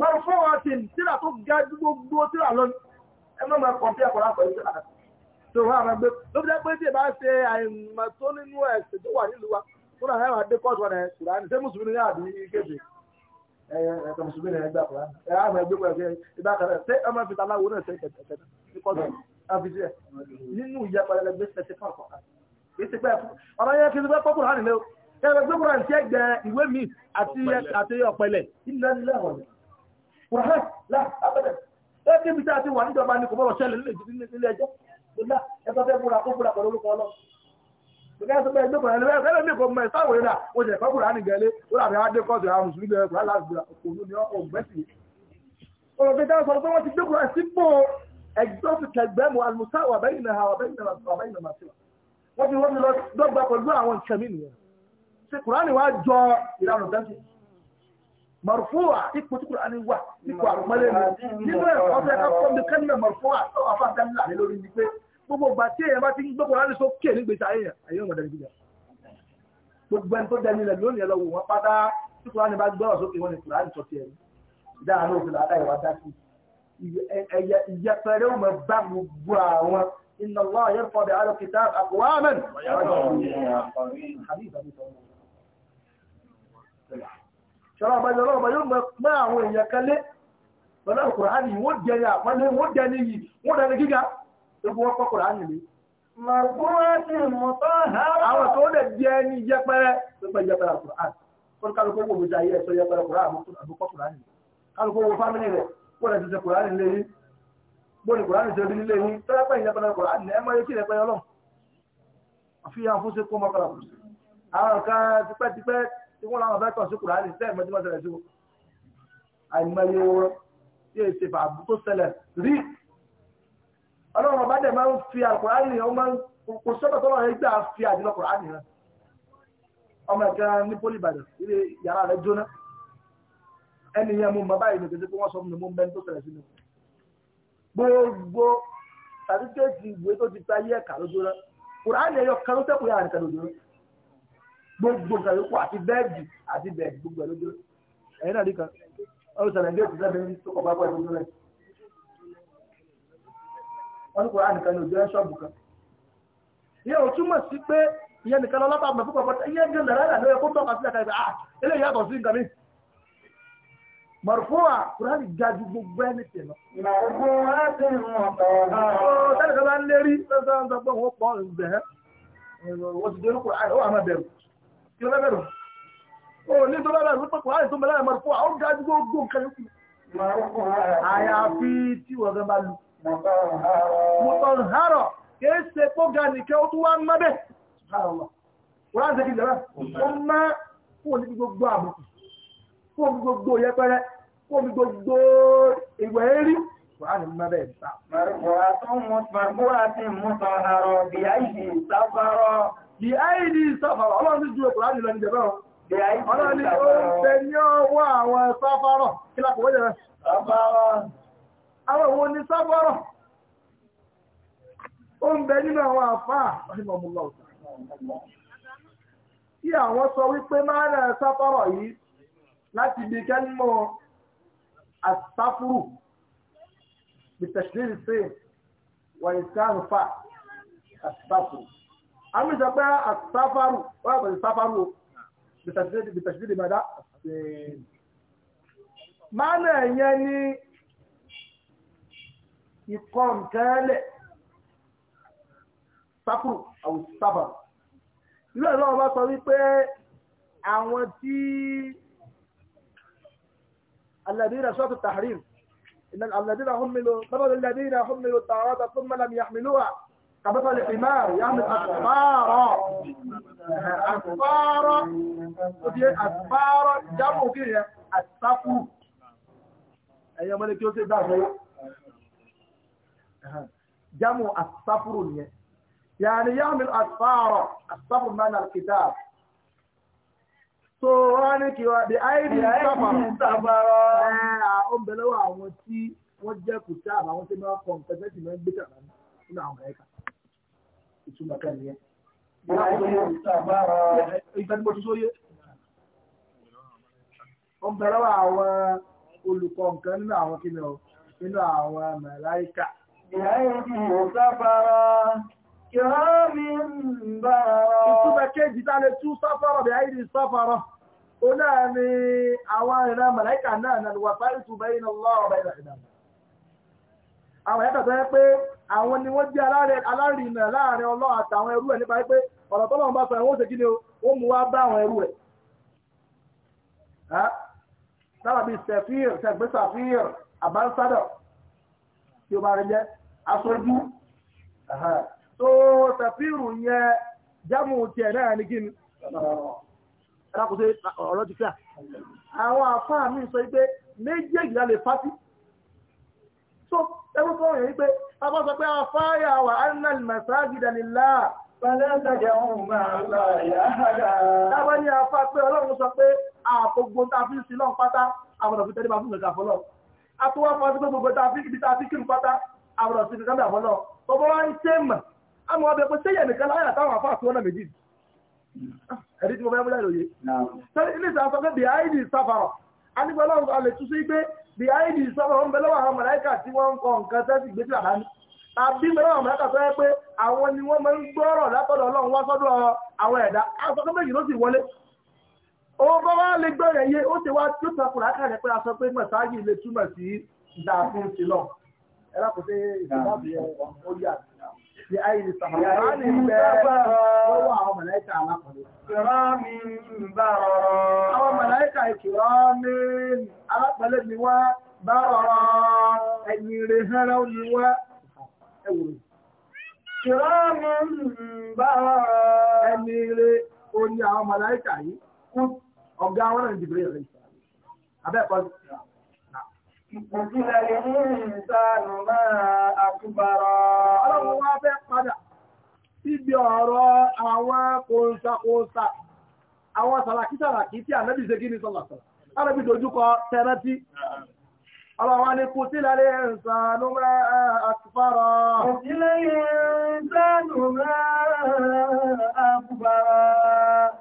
máa fún wa tí tíra tó ga gbogbo tíra lọ ẹ má máa kọ̀ọ̀tì àkọ́rọ́ àkọ́rọ́ tíra kan tó wà máa gbé ló fi jẹ́ pé tí ì bá ṣe àìmọ̀ tó nínú ẹ̀sìn tó wà nílùú wa tó náà ẹ̀ máa dé kọ́ọ̀tù wọn ẹ̀ sùrà ní sẹ́mùsùn ní àbí kéde ẹ̀ẹ̀kọ̀ mùsùlùmí rẹ̀ gbà kọ̀ ẹ̀ àmọ̀ ẹgbẹ́ pẹ̀lú ẹ̀ ìgbà kan rẹ̀ ṣé ọmọ fi taláwo náà ṣe kẹ̀kẹ́ ní kọ́sọ̀ àfijì ẹ̀ nínú ìyá pẹ̀lú ẹgbẹ́ ṣe ṣe kọ̀ọ̀kọ̀ kì í ti pẹ́ ọ̀rọ̀ yẹn kì í ti pẹ́ kọ́kùnrin hàn nílẹ̀ o ẹgbẹ́ gbé kúrò àti ẹgbẹ́ ìwé mi àti ọ̀pẹ̀lẹ̀ iná nílẹ̀ ọ̀rọ̀ kùrọ̀hán là abẹ́rẹ́ ẹ kí ibi tí a ti wà níjọba ni kò bọ̀ ṣẹlẹ̀ nílẹ̀ ẹjọ́ ẹgbẹ́ fẹ́ búra kó búra pẹ̀lú orúkọ ọlọ́run Ìgbà sọ pé ẹgbẹ́ kan ẹlẹ́wẹ́ ẹgbẹ́ mi kò mọ ìsáwọ̀ ìrà ó ṣe ẹ̀kọ́ kùrà nìgbẹ́ lé ó làbí adé kọ́ọ̀tù àwọn mùsùlùmí bẹ̀rẹ̀ kùrà láti gbà òkú ní ọgbẹ́ sí. Ọ̀rọ̀ fi dá sọ pé wọ́n ti gbé kùrà sípò ẹgbẹ́ kẹgbẹ́ mu àlùmùsáwọ̀ àbẹ́yìn náà àbẹ́yìn náà wọ́n fi wọ́n mi lọ dọ́gba pẹ̀lú àwọn nǹkan mi nìyẹn. Ṣé Kùránì Mọ̀rùfúwà ipò tí Kùránì wà ipò àpọ́nlé mi. Nínú ẹ̀kọ́ fẹ́ ká fọ́n mọ̀rùfúwà tó àfàdánilà lórí ni pé gbogbo ìgbà tí èèyàn bá ti ń gbọ́kọ̀ láti sókè nígbèsè ayé yẹn ayé ọmọdé nígbèsè gbogbo ẹni tó dẹni ilẹ̀ lónìí ẹ lọ wò wọn pátá tí kùránì bá gbọ́rọ̀ sókè wọn ni kùránì sọ tiẹ̀ dáhà ló fi làákà ìwà dá sí ìyẹpẹrẹ òmò bá gbogbo àwọn iná lọ ayé fọdẹ àlọ kìtà àkùwá mẹ́rin. sọlá ọba yọlọ ọba yóò mọ àwọn èèyàn kan lé pẹ̀lú àkùránì wọ́n dẹni àpọ́nlé wọ́n dẹni yìí wọ́n dẹni gíga gbogbo wọn kọ́ Kùránì nílé. màkúrẹ́sì mọ̀tọ́ hàrá. àwọn tó lè di ẹni yẹpẹrẹ tó gbẹ yẹpẹrẹ Kùránì kó kálukó wo bójú ayé ẹ̀sọ́ yẹpẹrẹ Kùránì àbúkọ́ Kùránì nílé kálukó wo fámìlì rẹ̀ kó lè ṣiṣẹ́ Kùránì nílé yín bó ni Kùránì ṣe bí nílé yín tọ́lá pẹ̀yìn yẹpẹrẹ Kùránì ẹ̀ mọ́ yẹ kí yẹpẹrẹ ọlọ́run àfihàn fún sekú mọ́ kọ́lá kùrù àwọn ọlọ́run ọba dẹ̀ máa ń fi àkùránì ọ máa ń kò sọ́dọ̀ tọ́lọ̀ rẹ̀ gbà fi àdínà kùránì hàn ọmọ ẹ̀ka ní poli ìbàdàn ilé yàrá rẹ̀ jóná ẹni yẹn mo mọ báyìí nìkan tí wọ́n sọ fún mi mo ń bẹ́ni tó ṣẹlẹ̀ sí mi gbogbo sàtífíkẹ́ẹ̀tì ìwé tó ti ta yẹ ẹ̀ka ló jóná kùránì ẹ̀yọ kan ló sẹ́kù yàrá nìkan ló jóná gbogbo nǹkan yòókù àti bẹ́ẹ̀dì àti bẹ́ẹ̀dì gbogbo ẹ̀ ló ẹ̀yìn náà wọ́n ní kòrán nìkan ní ojú ẹ̀ ṣọ́ọ̀bù kan yẹ ò túmọ̀ sí pé ìyẹn nìkan lọ lápá àgbàfúkọ̀ pọ̀tà ìyẹn gan dàrádà ló yẹ kó tọ́ka sílẹ̀ káyọ̀ ah eléyìí yàtọ̀ sí nǹkan mi mọ̀rùfúnwà kòrán ní ga ju gbogbo ẹni tì lọ. mọ̀rùfúnwà ti mọ̀ tọ̀ọ̀dọ̀. ó ní tó bá bẹ̀rù pé kòrán tó mẹ́lẹ́ mọ̀rùfúnwà ó ga ju gbogbo nǹkan yókù. àyàfi tí wọ́n gan bá lu mọ̀tọ̀rọ̀ kìí ṣe tó ga nìkan ó tún wá mọ́bẹ̀ wọ́n á ṣe kí lẹ́rà ó má fún ní gbogbo àbùkù fún ní gbogbo yẹpẹrẹ fún ní gbogbo ìwẹ̀ erí wọ́n á ní mọ́bẹ̀ ìta. mọ̀tọ̀rọ̀ àti mọ̀tọ̀rọ̀ bí àìdí ìsáfàrọ̀ sábọ́rọ̀ ó ń bẹ nínú àwọn àfáà tí àwọn sọ wípé máa rẹ̀ sábọ́rọ̀ yìí láti bí kẹ́límọ̀ àsáfúrù bìtẹ̀sílì sí wọ̀nyí sáfà àsáfúrù. àmì sọ pé àsáfàrù wọ́n yàtọ̀ sí sáfàrù bìtẹ̀sílì bìtẹ̀sílì máa rẹ̀ yẹn ní. يقام تال صفر أو sábà لا لا لا طريقة wípé الذين شاطوا التحريم إن الذين حملوا الذين الذين حملوا التوراة ثم لم يحملوها قبل الحمار يحمل أسفارا أسفارا أسفارا جمعوا كده السفر أيام أيوة، اللي كيوتي ده jamu asafuru nìyẹn yàrá yàmìl asfaro asafuru mẹ́rin alkitab so wọ́n ní kí wọ́n di àìdí sábàrọ̀ ẹ̀ àwọn bẹ̀lẹ́wọ̀ àwọn tí wọ́n jẹ́ kù sí àbá wọn tí wọ́n kọ́ nǹkan tẹ́sí mẹ́rin gbé kàrà nínú àwọn ẹ̀ka ìtumọ̀ kan nìyẹn. ìgbà tí mo ti sóye wọ́n bẹ̀rẹ̀ wọ àwọn olùkọ́ nǹkan nínú àwọn kí o nínú àwọn màláíkà. Ìtúbẹ̀ kéjì tálẹ̀ tú sáfàrọ̀ bí àìrí sáfàrọ̀. Ó náà ni àwọn ìran màláìkà náà nà lùwàfà ìtúbẹ̀ iná lọ́ọ̀bẹ̀ ìrìnàmà. Àwọn ẹ̀kàtọ̀ yẹ àwọn ni wọ́n jẹ́ alárìnà láàrin ọlọ́ àtàwọn tí ó bá rẹ jẹ́ aṣojú tó tẹ̀fíìrù yẹn jámù tiẹ̀ náà ní kí ni alákòóso ọ̀rọ̀ ti fíà àwọn àfáà mi sọ pé méjèèjì lálẹ́ pátí tó ẹgbẹ́ fọ́ọ̀rọ̀ yẹn pé bàbá sọ pé afáyà wà annal masajida lillah pẹ̀lẹ́ ṣẹ̀jẹ̀ ohun máa lọ ìyá àgbà tábọ́ ní afá pé ọlọ́run sọ ń sin lọ́n pátá àwọn ọ̀dọ̀ àtúwọ́ fún ọdún gbogbo ibi tá a fi kírun pátá àwọn ọ̀sìn nìkan bẹ̀ àfọ́nà bọ́bọ́ wá ń ṣe mà àmọ́ ọbẹ̀ pé sẹ́yìn nìkan láyà táwọn afọ àti ọ̀nà méjì ah, ẹ̀rí tí mo fẹ́ múlẹ̀ lóye. ilé ìsàn sọ pé the id sáfàrọ̀ anigbọ́lọ́ ọ̀lẹ̀ tún sí pé the id sáfàrọ̀ ń bẹ lọ́wọ́ àwọn mọ̀láìkà tí wọ́n ń kọ nǹkan sẹ́sì gbé sílà dání. àbí mẹ́lẹ́ àwọn mọ̀láìkà sọ pé àwọn ni wọ́n máa ń gbọ́rọ̀ látọ̀dọ̀ ọlọ́run wá sọ́dọ̀ àwọn ẹ̀dá. àwọn sọ méjì ló sì wọlé o bá wá lè gbẹ̀rẹ̀ yé ó ti wá tó takùn lákàrẹ̀ pé a sọ pé mọ̀sáàgì lè túmọ̀ sí ìdààfún ti lọ ẹ lákòó sí ìdààfún ó yà sí ayé ní sàmàlà rà ní bẹ́ẹ̀ lọ́wọ́ àwọn mọ̀láìkà alákọ̀ọ́lẹ̀. kìrọ́ mi ń rọrọ. àwọn ni wá bá rọrọ ẹ̀yìn rẹ̀ hẹ́rẹ́ ni ọ̀gá wọn ní Jibril rẹ̀ abẹ́ẹ̀kọ́ Ìpòsílẹ̀ ìrìn ìsáàlù máa àkúbàrọ̀. Ọlọ́run wá fẹ́ padà síbi ọ̀rọ̀ àwọn kòńsàkòńsà, àwọn sàràkítàràkí tí ànábì ṣe kí ní Ànábì dojúkọ tẹ́rẹ́tí. Ọlọ́run wá ní máa máa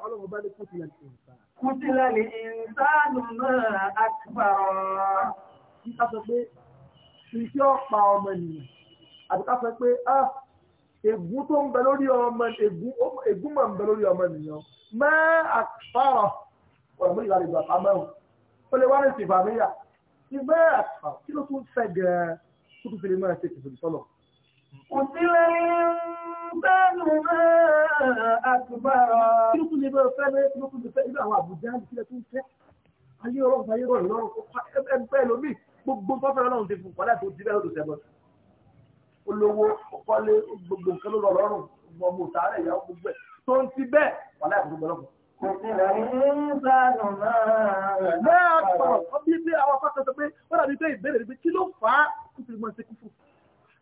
Ọlọ́run bá ní قتل الإنسان ما أكفره ká sọ pé iṣẹ́ ọ̀pá ọmọ ènìyàn àti ká sọ pé ah ègún tó ń bẹ lórí ọmọ ègún mà ń bẹ lórí ọmọ ènìyàn mẹ́ àkàrọ̀ ọ̀rọ̀ méjì láti gbà pamọ́ o ó lè wá ní ìsìn ìfàmìyà ti mẹ́ àkàrọ̀ kí ló tún fẹ́ gẹ̀ẹ́ tó tún fi lè máa ṣe قتل الإنسان ما أكبره kí ló tún lè bẹ́ẹ̀ fẹ́ bẹ́ẹ̀ kí ló tún lè fẹ́ irú àwọn àbùjá ní kílẹ̀ tó ń fẹ́ ayé ọlọ́run ayé ọlọ́run lọ́rùn ẹgbẹ́ ẹlòmí gbogbo tó fẹ́ ọlọ́run ti fún kọ́lá tó ti bẹ́ẹ̀ tó sẹ́gbọ́n olówó ọkọ́lé gbogbo nǹkan ló lọ lọ́rùn ọmọ òtàárẹ̀ ìyàwó gbogbo ẹ̀ tó ń ti bẹ́ẹ̀ wàlá ìfúnpọ̀ lọ́kùn Bẹ́ẹ̀ ọ̀pọ̀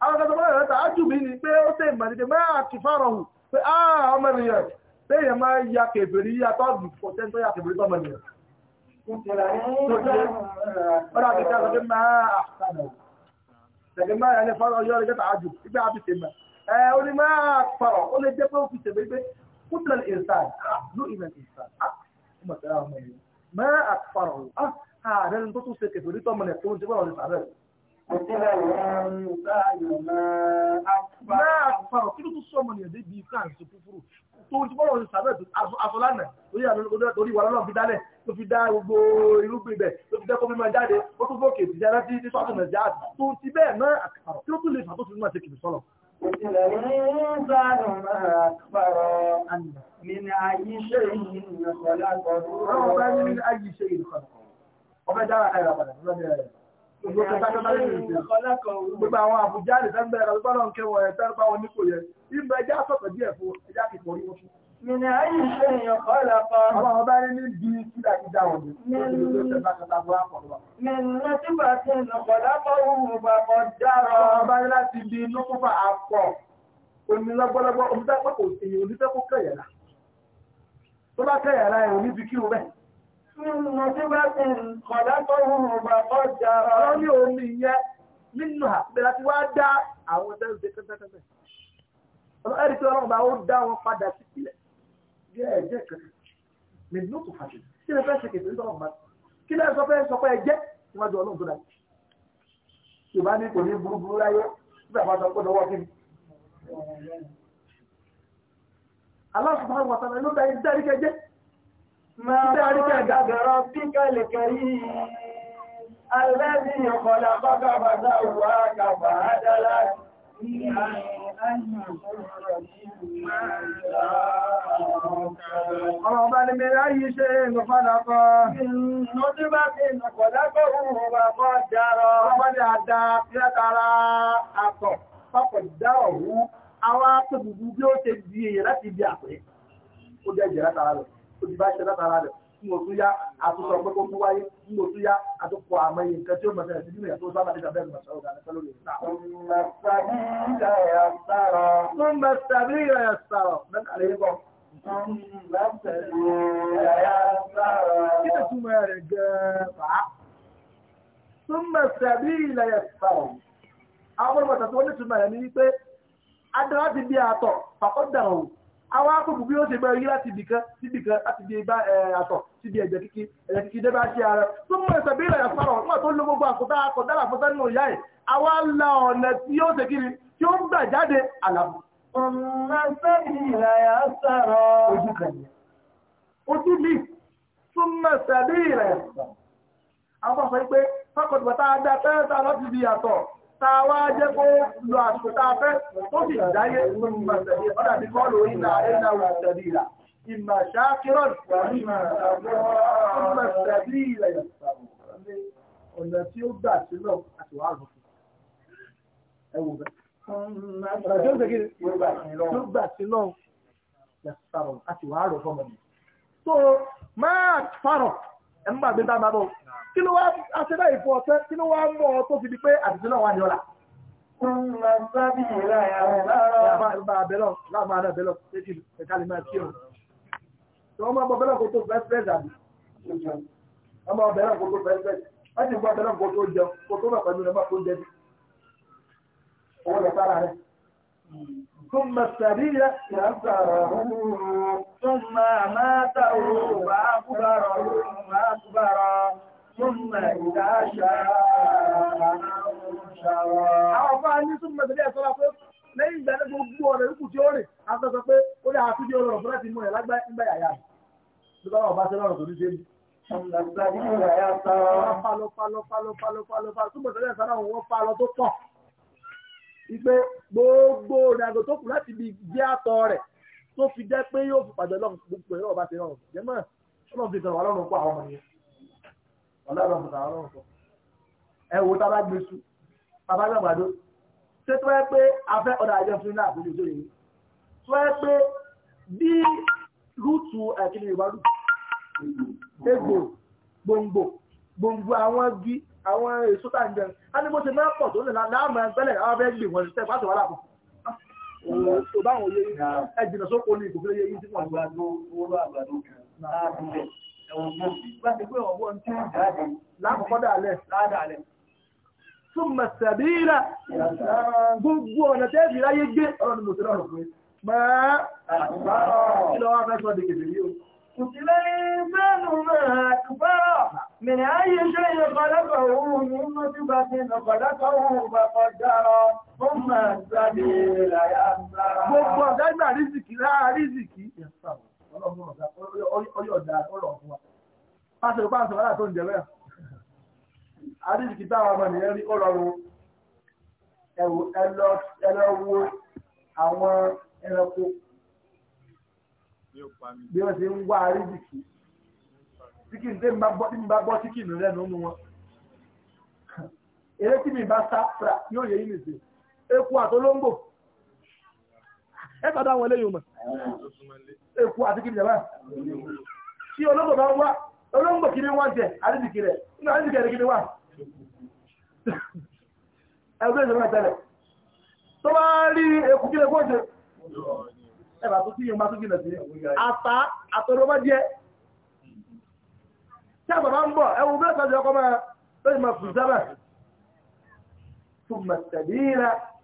àwọn kan tó bá yàrá tààjù mi ni pé ó tẹ̀ ìmọ̀ nígbà máa kì fárọ̀ hù pé áà ah, ọmọ ènìyàn pé èèyàn máa ya kèbèrè yá tọ́ọ̀dù kò tẹ́ tó ya kèbèrè tọ́mọ ènìyàn. Ọ̀dà àgbẹ̀ká sọ pé máa àgbẹ̀ máa yà ní fárọ̀ yọ̀ lẹ́gẹ́ tààjù ìgbà àbí tèmọ̀. Ẹ ó ní máa fárọ̀ ó lè jẹ́ pé ó fi tèmọ̀ pé kúndùn ìsàn ah, ló ìmọ̀ ìsàn ah, ọmọ ìsàn máa àfàrọ̀ ààrẹ ni tó Ìdílé wọn ń sáàyàn máa àpá. Máa àpá ọ̀ kí ló tún sọ́mọ ní ẹ̀dẹ́ bíi France kúkúrú. Tó ti bọ́lọ̀ ní sàbẹ̀ tó aṣọ lánàá lórí àwọn orí ìwà lọ́nà fi dálẹ̀ tó fi dá gbogbo irúgbìn bẹ̀ tó fi dẹ́kọ́ mímọ jáde ó tún fòkè ti dára sí sọ́tún ẹ̀ jáde. Tó ti bẹ́ẹ̀ náà àkàrọ̀ kí ló tún lè fà tó fi máa ṣe kìlì sọ́lọ̀. Ìdílé wọn ń sáàyàn máa àpá ọ̀ Ọbẹ̀ dára ẹ̀rọ padà lọ́dẹ̀ ẹ̀rọ. Gbogbo àwọn àbújá lè tẹ́ bẹ̀rẹ̀ lọ́gbọ́n náà kẹwọ̀n ẹ̀ tẹ́rù bá wọn ní kò yẹ. Ibẹ̀ ẹja sọ̀tọ̀ díẹ̀ fún ẹja kìkọ̀ orí wọn. Mìnà ayé iṣẹ́ èèyàn kọ́ ẹ̀lá kan. Àwọn ọba ní ní bí kídà kídà wọn ni. Mìnà tí bá ti ń lọ̀pọ̀ lápọ̀ òun bá kọ dára. Àwọn ọba ní láti bí inú púpà àpọ̀. Omi lọ́gbọ́lọ́gbọ́, omi tẹ́pọ̀ kò sí, omi tẹ́pọ̀ kẹ̀yẹ̀lá. Tó bá kẹ̀yẹ̀lá ẹ̀ nínú àpẹẹrẹ tí wá dá àwọn tẹ́lú ṣe kẹ́kẹ́kẹ́kẹ́ ẹ̀rí tí ọlọ́run bá ó dá wọn padà sí sílẹ̀ bí ẹ̀jẹ̀ kan nínú tó fàṣẹ kí lè fẹ́ ṣe kìtìrì sọ́run bá kí lè sọ fẹ́ sọ pé ẹ̀jẹ̀ níwájú ọlọ́run tó dájú yorùbá ní kò ní burúburú láyé nígbà bá sọ pé lọ́wọ́ kí ni. aláṣùmọ̀ àwọn ọ̀sán ló dá ẹni dárí kẹjẹ́ ذلك جد ربك الكريم الذي خلقك فسواك فعدلك Ọba ni mẹ́rẹ́ yìí ṣe ìnùfàdàkọ́. Ìnú tí bá ti ìnùfàdàkọ́ òun wà fọ́ járọ. Ọba ni àdá pẹ́tara àtọ̀ pápọ̀ dá ọ̀hún, àwọn apẹ́ gbogbo bí ó ṣe di èyẹ láti ibi àpẹ́. Ó jẹ́ jẹ́ látara lọ òbí bá ṣe látara rẹ̀ ń wò tún yá àtúntò pé kó tún wáyé ń wò tún yá àtúntò àmọ́ iye nǹkan tí ó mọ̀tẹ́rẹ̀ sí nínú ìyàtọ̀ sábà nígbà bẹ́ẹ̀ mọ̀tẹ́rẹ̀ ọ̀gá nípa lórí ìta. Wọ́n mọ̀ sàbí ìyàyà sàrọ̀ mẹ́kàlẹ́ yìí bọ̀. Kí ni túmọ̀ rẹ̀ gẹ́ẹ́fà? Wọ́n mọ̀ sàbí ìyàyà sàrọ̀. Àwọn ọmọ bàtà tó wọ́n ní túmọ̀ rẹ̀ ní wípé Adéwà ti bí àtọ̀ pàkọ́ dàrọ̀ àwọn akókò bí ó ṣe gbẹ̀rẹ̀ yí láti ibìkan láti di ibà àtọ̀ síbi ẹ̀jẹ̀ kíkí ẹ̀jẹ̀ kíkí bá ṣe ara tó mọ̀ ẹsẹ̀ bí ìlànà sọ̀rọ̀ nígbà tó gbogbo àkótá akọ̀dára fún sẹ́nu ìyá ẹ̀ àwa la ọ̀nà tí ó ṣe kiri tí ó ń gbà jáde ọ̀nà ìlànà sọ̀rọ̀ ojú kan ojú mi mọ̀ tàwà jẹ́ kó lọ àṣòta afẹ́ tó sì dáyé ọ̀dà bí kọ́ lórí ìlà ẹ̀là òṣèlú ìlà ìmà ṣáàkírọ̀ ọ̀nà tí ó gbà sí náà àti wà rùn ẹwù bẹ́ ọ̀nà tí ó gbà sí náà àti wà rùn fọ́mọ̀ ẹ̀ ń bà gbé dáná bọ̀ kí ló wá aṣẹ́ báyìí fún ọ̀sẹ́ kí ló wá mọ́ ọ tó fi di pé àtìsí náà wà ní ọ̀la. ọmọ ọbẹ̀ náà kò tó fẹ́ fẹ́ dàbí ọmọ ọbẹ̀ náà kò tó fẹ́ fẹ́ wọ́n ti gbọ́ ọbẹ̀ náà kò tó jẹun kò tó bàbá mi lọ́mọ kò jẹ bí ثم السبيل يسره ثم ماته فأكبره أكبرا ثم إذا شاء أنشرا àwọn ọba ní súnmọ̀ ìdílé ẹ̀sọ́ la pé lẹ́yìn ìgbà ní gbogbo ọ̀rẹ́ ìkù tí ó rìn àtọ́sọ pé ó lè àti bí ọlọ́rọ̀ fún láti mú ẹ̀ Palo palo palo palo palo palo túbọ̀ tẹ́lẹ̀ sára wọn Ipe gbogbo ìrìnàjò tó kù láti ibi jẹ́ àtọ̀ rẹ̀ tó fi jẹ́ pé yóò fi pàdé lọ́rùn gbogbo ẹ̀rọ ọba ti rọrùn. Jẹ́mọ̀ ọlọ́run ti tẹ̀wọ̀ ọlọ́run kó àwọn ọmọ yẹn ọlọ́run kò tàwọn ọlọ́run kọ ẹ wo tá a bá gbé su tá a bá gbàgbàdo ṣé tó yẹ pé afẹ́ ọ̀dà àjọ fún iná àkójọ tó yẹ tó yẹ pé bí rúùtù ẹ̀kíni yorùbá rúùtù egbò gbòǹgbò gbòǹgbò àwọn igi àwọn èso tá à ń jẹ á ní bó ṣe máa pọ̀ tó lè láàmú ẹgbẹ́lẹ̀ àwọn fẹ́ gbè wọ́n ṣe pàṣẹ wàhálà kan òun láàbù rẹ̀ ẹ̀wọ̀n gbọ́ bá ti pé ọ̀wọ́ ń tí ó jáde lákòókò dàlẹ̀ ládàlẹ̀ tún mẹ̀sẹ̀bíra gbogbo ọ̀nà tẹ́ fi ráyé gbé ọ̀rọ̀ ni mo ti rọrùn pé máa kí lọ wá fẹ́ sọ di kèdè yìí Kùtìlẹ́ ní Bẹ́ẹ̀lù máa kúbárọ̀, ayé ṣe yẹ kọ́lọ́kọ̀ òun ní mú tí bá ti nà kọ́lọ́kọ̀ òun bá kọjá rọ, ọlọ́run ọ̀gá ọyọ̀ ọ̀dà ọlọ́run fún wa. pásítọ̀ pásítọ̀ wàhálà tó ń jẹ bẹ́ẹ̀. àdéhùn kìtà àwọn ọmọ nìyẹn rí ọlọ́run ẹlọ wo àwọn ẹranko bí wọ́n ti ń wá àrídìkì síkìn tí mi bá gbọ́ síkìn lẹ́nu nu wọn. eré tí mi bá sá yóò yẹ yín nìsín eku ẹ̀fà dáwọn eléyìí mọ̀ èkó àti kìí jẹ̀bá tí olóńgbò bá ń wá olóńgbò kìí wá jẹ nínú wá ẹgbẹ́ tó bá rí kó jẹ tó tí yẹn tó jìnà sí àtà àtọ̀rọ̀ bá jẹ tí bá ń bọ̀ bẹ́ẹ̀ sọ́jọ́ ọkọ̀ máa máa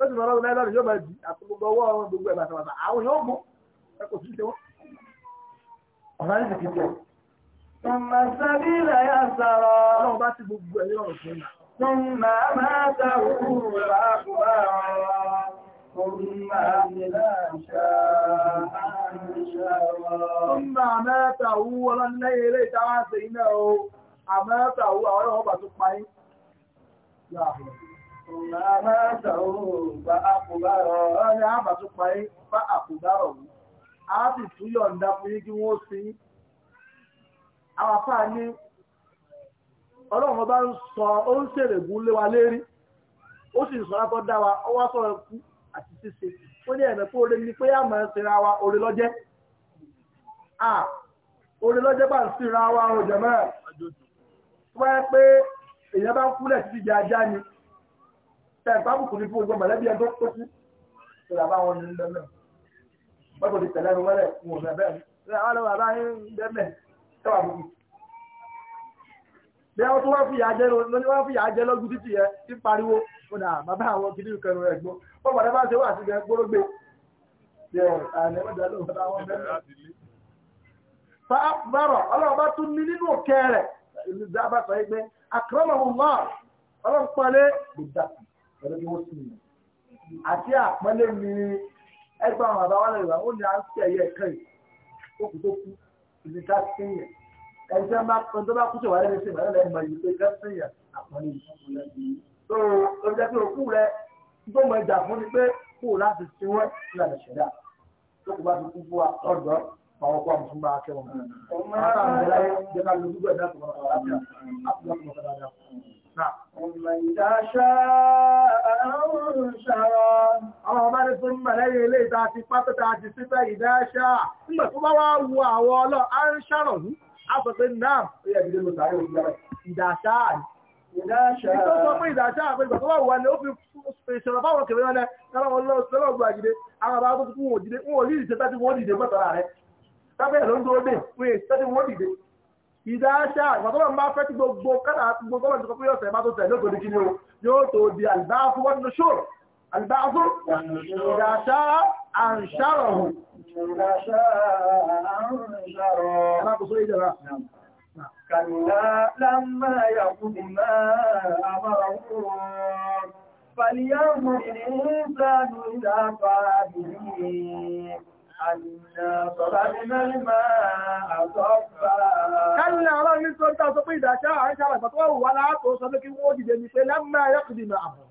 lọ́sì máa lọ́wọ́ láìlọ́rùn yóò máa di àti gbogbo ọwọ́ ọ̀run gbogbo ẹ̀bà àtàwàtà àwọn yóò mú ẹ kò sí ṣe wọ́n. ọ̀rọ̀ ayé ti jẹ́. Tùmọ̀ sábì rẹ̀ yà sọ̀rọ̀. Ọlọ́run bá ti gbogbo ẹ̀ yọ̀rọ̀ fún mi. Tùmọ̀ máa ta òkú rẹ̀ àkùrọ̀ ọ̀rọ̀. Tùmọ̀ àmẹ́ ta òwú ọlọ́nlẹ́yìn eré ìtawá ṣe iná o. Àmẹ́ ta òwú àwọn ọlọ́run bá Màmá sàúrù bá àkùbárọ̀ ọ̀rẹ́ àbàtúparí bá àkùbárọ̀ wù. A sì tún yọ̀ǹda fún yín ọlọ́run bá ń sọ ó ń ṣèrègùn lé wa lérí. Ó sì sọ látọ́ dá ó wá sọ̀rọ̀ kú àti ṣíṣe. Ó ní ẹ̀mẹ́ pé oore ni pé àmọ́ ṣera wa oore lọ́jẹ́. À oore lọ́jẹ́ bá ń síra wa ọ̀jọ̀ mẹ́rin. Wọ́n pé èèyàn bá ń kúlẹ̀ títí di ajá ni. tẹ̀ bábùkù ní fún ogun mọ̀lẹ́bí ẹjọ́ tó sí ìrà wọn ní ti tẹ̀lé ẹnu ni àwọn ọlọ́wọ́ bá ń bẹ́ẹ̀ tẹ́ wà bùkù. bí wọ́n tún wá fìyà jẹ lóní wọ́n fìyà jẹ lọ́gùn títì yẹ ti pariwo fún náà bàbá àwọn kìdí kẹnu rẹ̀ pẹ̀lú bí wọ́n sùn àti àpọ́nlé ni ẹgbẹ́ àwọn bàbá wa lẹ́yìn ó ní à ń tẹ̀ ẹ̀yẹ ẹ̀kẹ́ yìí ó kù tó kú ìdí ká sí yẹn ẹni tí wọ́n tó bá kú sọ̀rọ̀ ẹni sí ìmọ̀lẹ́ lẹ́yìn mọ̀ yìí pé ká sí yẹn àpọ́nlé yìí. tó o jẹ́ pé òkú rẹ tó mọ ìjà fún ni pé kó o láti sí wọn ìlànà ìṣẹ̀dá tó kù bá ti kú fún wa ọ̀dọ́ àwọn ọkọ àmùsùn bá kẹwọn. ọmọ Ọmọ ìdáṣá àrùn ṣàrọ̀. Àwọn ọmọ ní fún mẹ́lẹ́yìn ilé ìta ti pátọ́ta ti sípẹ́ ìdáṣá. Nígbà tó bá wá wo àwọn ọlọ́ àrùn ṣàrọ̀ ní, a sọ pé náà ó yẹ ìdílé mo sáré òun lọ́rẹ̀. Ìdáṣá àrùn. Ìdáṣá. Ìtọ́sọ fún ìdáṣá àpé ìgbà tó bá wà ní ó fi ìṣọ̀rọ̀ báwọn kèrè wọn lẹ, káwọn ọlọ́ọ̀ṣọ́lọ́ gbọ́ àjídé, àwọn àbá tó kú wọn ò ìdáṣà ìgbàtọ́lọ̀ máa fẹ́ tí gbogbo kádà gbogbo ọ̀nà tó kọ́kọ́ ọ̀sẹ̀ bá tó tẹ̀ lóòtò ní kíni o yóò tó di àlìbáfún wọn ní ṣòro àlìbáfún ìdáṣà àǹṣàrọ̀hùn. ìdáṣà àǹṣàrọ̀hùn. alákòóso ìjọba. kàlá lámà yàgùdì máa àmàràn Kálẹ̀ ọ̀rọ̀ ní tó ń tà sọ pé ìdáṣẹ́ àwọn ìṣẹ́ àgbà tó wà wà látò sọ pé kí wọ́n dìde ní pé lámà yẹ́kùdì mẹ́ àmọ̀.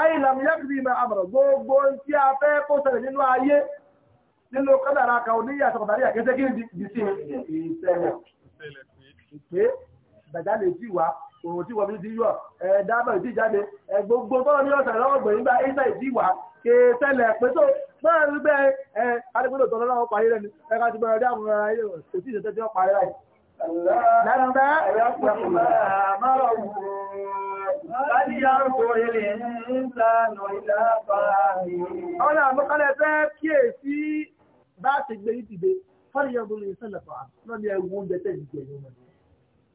Àìlàm yẹ́kùdì mẹ́ àmọ̀ gbogbo tí a fẹ́ kó ṣẹlẹ̀ nínú ayé nínú kádàrà kan ò di sí ìṣẹ̀lẹ̀. Ìpé, bàjá òun tí wọ́n fi ti yọ ẹ̀ ìdí jáde gbogbo ní ọ̀sẹ̀ lọ́wọ́ gbẹ̀yìn bá ìdí wà ké tẹ́lẹ̀ pé tó máa rí bẹ́ẹ̀ ẹ̀ adigunlò tọ́lọ́ náà parí rẹ̀ ni ti dé àwọn ará ilé kò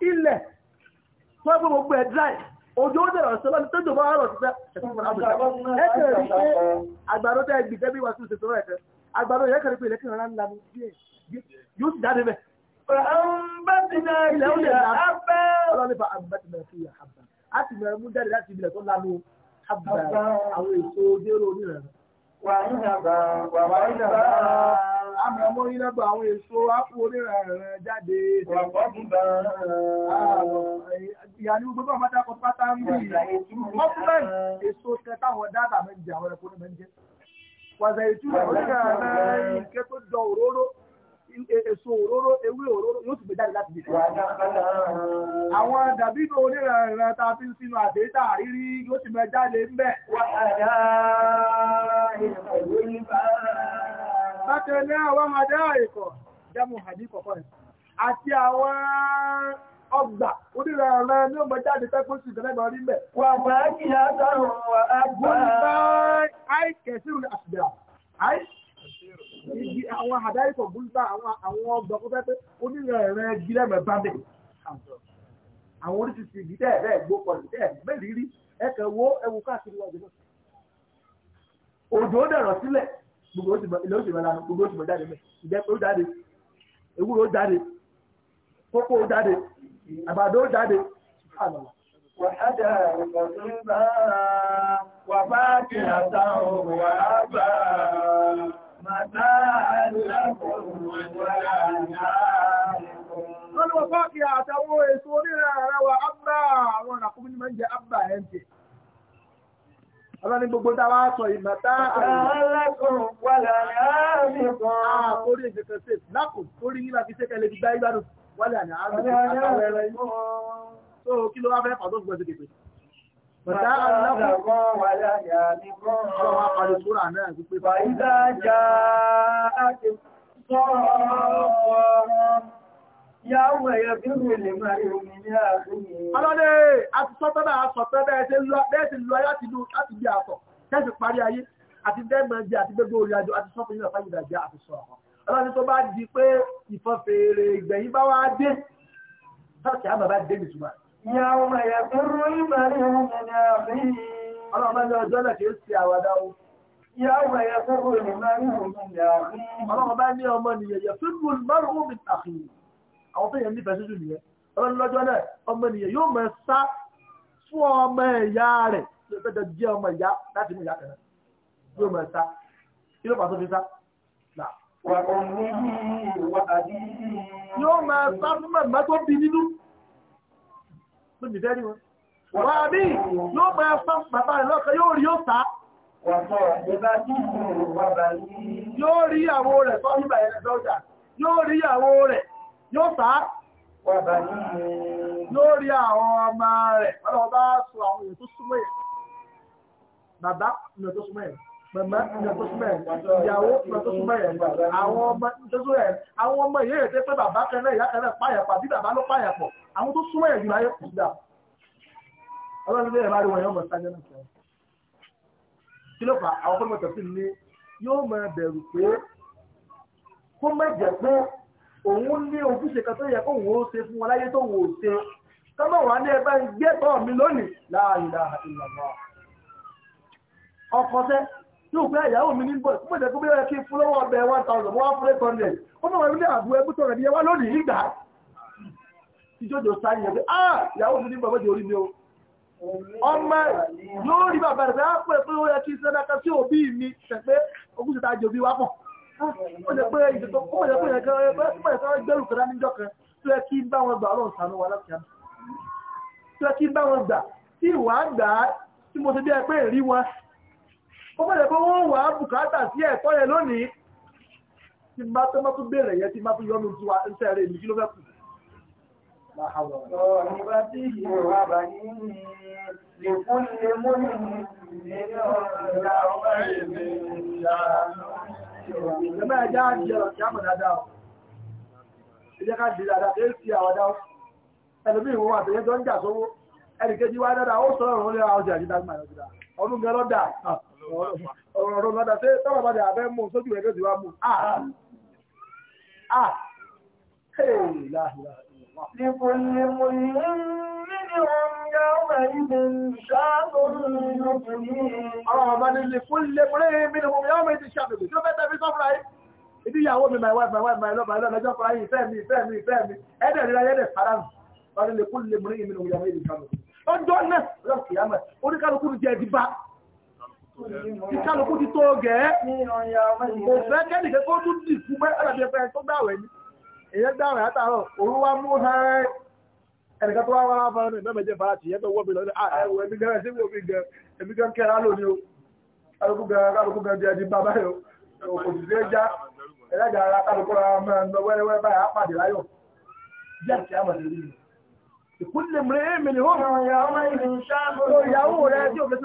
ilẹ̀ tó ẹgbẹ́ gbogbo ẹ̀ dry òjò ó dẹ̀rọ̀ sọ́lọ́ ní tójò bá rọ̀ títẹ́ ẹ̀kọ́ fún àbùdá ẹ̀kẹ́ rí pé àgbàdo tẹ́ gbì tẹ́bí wá sí ìṣètò rẹ̀ tẹ́ àgbàdo yẹ kẹ́rì pé ilẹ̀kùn rán lanu díẹ̀ yóò sì jáde bẹ̀. ilẹ̀ ó lè la ọlọ́ni fa àbúbátì mẹ́rin fi àbá á ti mẹ́rin mú jáde láti ibi tó lanu àbá àwọn èso dérò onírànà wàhíhàbà wàhíhàbà àmọ̀mọ́ ìlẹ́gbà àwọn èso ápù onírànrẹ̀ jáde wàhíhàbà ìyàní gbogbo àmọ́tàkọ̀ pátá ń bí mọ́kúnlẹ̀ èso kẹtàwọ̀ dáadáa mẹ́jì àwọn ẹ̀kọ́ èso òróró ewé òróró yóò sì gbé jáde láti bìtì. àwọn dàbínú oníranran ta fi ń sinú àdéhà rírí yóò sì mẹ jáde ń bẹ̀. bákan àwọn wọ́n máa dá ẹ̀kọ́ àti àwọn ọgbà onírànràn ní ọmọ jáde pẹ́ sí ṣùgbọ́n ibi àwọn àdáyìkọ̀ gúlùbà àwọn ọgbà kó fẹ́ pé onílẹ̀ rẹ̀ gílẹ̀ mẹ́ àwọn oríṣiríṣi ìdí ẹ̀rẹ́ gbó pọ̀ ní ẹ̀kẹ́ wo ẹ̀wù káàkiri wájú náà. òjò dẹ̀rọ̀ sílẹ̀ gbogbo ó ti mọ̀ gbogbo ó jáde mẹ́ ìjẹ́pẹ́ ó jáde ewúro jáde kókó jáde àbàdo ó jáde وحدائق طيبا وفاكهة وأبا Wọ́n wọ́n fọ́kì ahụ èso onírẹ̀ ààrẹ wa ábà àwọn àkúmí ní máa ń jẹ ábà ẹ̀ ń jẹ. Ọlọ́ni gbogbo dáwà sọ ìmọ̀ta àrẹ́lẹ́kùnrin wà láàrin ààrẹ kan. Àkórí ìjẹ̀kẹ̀ sí lápò torí yíla fi ṣẹ́kẹ̀ lè fi wà láàrin ààrẹ So kí ló wá fẹ́ Bàtà àlọ́kọ̀ wà láyà ní kọ́. Ọ̀rọ̀ wa parí súrà náà ti pé. Fàyídà já àti sọ́ọ̀rọ̀. Yàwó ẹ̀yọ bí mi lè máa rí omi ní àgbéyé. Ọlọ́dẹ, a ti sọ tọ́lá aṣọ tẹ́ bẹ́ẹ̀ ti lọ bẹ́ẹ̀ ti lọ láti lu láti bí àtọ̀. Tẹ́sì parí ayé àti dẹ́gbọ̀n jẹ àti gbogbo orí àjọ àti tó bá di pé ìfọ̀fèrè ìgbẹ̀yìn bá wá dé. Sọ́ọ̀kì àbàbá dé nìtúmọ̀. يوم يفر المرء من أخيه ọlọ́mọ ilé ọjọ́ lẹ̀ kìí sí من أخيه ọlọ́mọ bá ní ọmọ nìyẹn يفر المرء من أخيه àwọn tó yẹn nífẹ̀ẹ́ síjú nìyẹn ọlọ́run lọ́jọ́ náà ọmọ nìyẹn yóò mọ̀ sá fún ọmọ ẹ̀yà rẹ̀ tó fẹ́ jẹ́ ọmọ ìyá láti mú ìyá kan náà yóò mọ̀ sá kí ló pàtó fi tó nì dẹ́rí wọn wà bí yóò máa fún bàbá rẹ̀ lọ́kàn yóò rí ó ta yóò rí àwọ rẹ̀ tó nígbà ẹ̀rẹ́ dọ́jà yóò rí àwọ rẹ̀ yóò ta yóò rí àwọn ọmọ rẹ̀ ọlọ́ọ̀bá màmá ìyá tó súnmọ́ ẹ̀ ìyàwó ìyá tó súnmọ́ ẹ̀ àwọn ọmọ tó súnmọ́ ẹ̀ àwọn ọmọ yìí èdè pé bàbá kan náà ìyá kan náà pààyàn pọ̀ àbí bàbá ló pààyàn pọ̀ àwọn tó súnmọ́ ẹ̀ ìgbà yẹn kù dà ọlọ́run bẹ́ẹ̀ bá rí wọn yóò mọ̀ sáyẹn náà sọ kí ló fà àwọn fọlọ́mọ tẹ̀sí ni yóò máa bẹ̀rù pé kó má jẹ́ pé òun ní yóò fẹ́ ìyàwó mi ní bọ̀ fún ìdẹ́kùn bí ó yẹ kí one thousand one hundred hundred ó mọ̀ wípé àbú ẹgbẹ́ tó rẹ̀ ní ẹwà lónìí ìgbà ìjọjọ sáré ah ìyàwó mi ní bọ̀ mọ́jọ orí mi o ọmọ yóò rí bàbá rẹ̀ pé á ah, pè pé ó yẹ kí sẹ́dáka sí òbí mi ṣẹ̀ pé ogún ṣe tájọ bí wá pọ̀ ó yẹ pé ìdìbò ó yẹ pé ẹ̀kọ́ gbẹ́rù kan níjọ́ kan tó yẹ kí bá wọn gbà ọlọ́run sànú wa láti àná tó yẹ kí bá wọn gbà tí ìwà gbà tí mo ṣe bí ẹ pé èrí wọn ó bẹ̀rẹ̀ pé wọ́n wà á bùkátà sí ẹ̀kọ́ yẹn lónìí tí bá tó bá tún bèèrè yẹn tí bá tún yọ́nu tí wà ń tẹ̀lé ìlú kí ló fẹ́ kù. Ẹgbẹ́ ẹja jẹ́rọ̀ kí á mọ̀ dáadáa ọ̀. Ẹjẹ́ ká jẹ́ dáadáa kí é sí àwọn dáadáa. Ẹlòmí ìwọ̀n àtẹ̀yẹ́jọ́ ń jà ọ̀rọ̀ lọ́dà ṣé tọ́wọ́ bá dé abẹ́ mú sójú rẹ̀ lóde wá mú. Ìkùnlé mi, my wife, my love, my love, ẹjọ́ fúnra yìí, ìfẹ́ mi, ìfẹ́ mi, ìfẹ́ mi. Ẹ̀dẹ̀ ríra yẹ́dẹ̀ lè fún lè mú ní mímí wọn yá wà ìdè ṣáàbò lókùnrin. Ọjọ́ náà, ìkálukú ti tó gẹ̀ẹ́ kò fẹ́ kẹ́nìkẹ́ kó tún dì fún pé ẹ̀rọ ìfẹ́ tó gbàwẹ̀ ní èyẹ gbàwẹ̀ látàárọ̀ òru wa mú hẹ́rẹ́ ẹnìkan tó wá wá wá fún ẹ̀mí mẹ́jẹ bá ti yẹ́ tó wọ́ mi lọ́dọ̀ ẹ̀wọ̀ ẹ̀mí gẹ́rẹ́ sí wọ́n mi gẹ́ ẹ̀mí gẹ́ kẹ́ra di ẹni bàbá yọ kò sì lé já ẹlẹ́gà ara kálukú ra máa ń lọ wẹ́rẹ́wẹ́rẹ́ báyà á pàdé láyọ̀ díẹ̀ kí á mọ̀ lórí mi ìkúlẹ̀ mìíràn èmi ni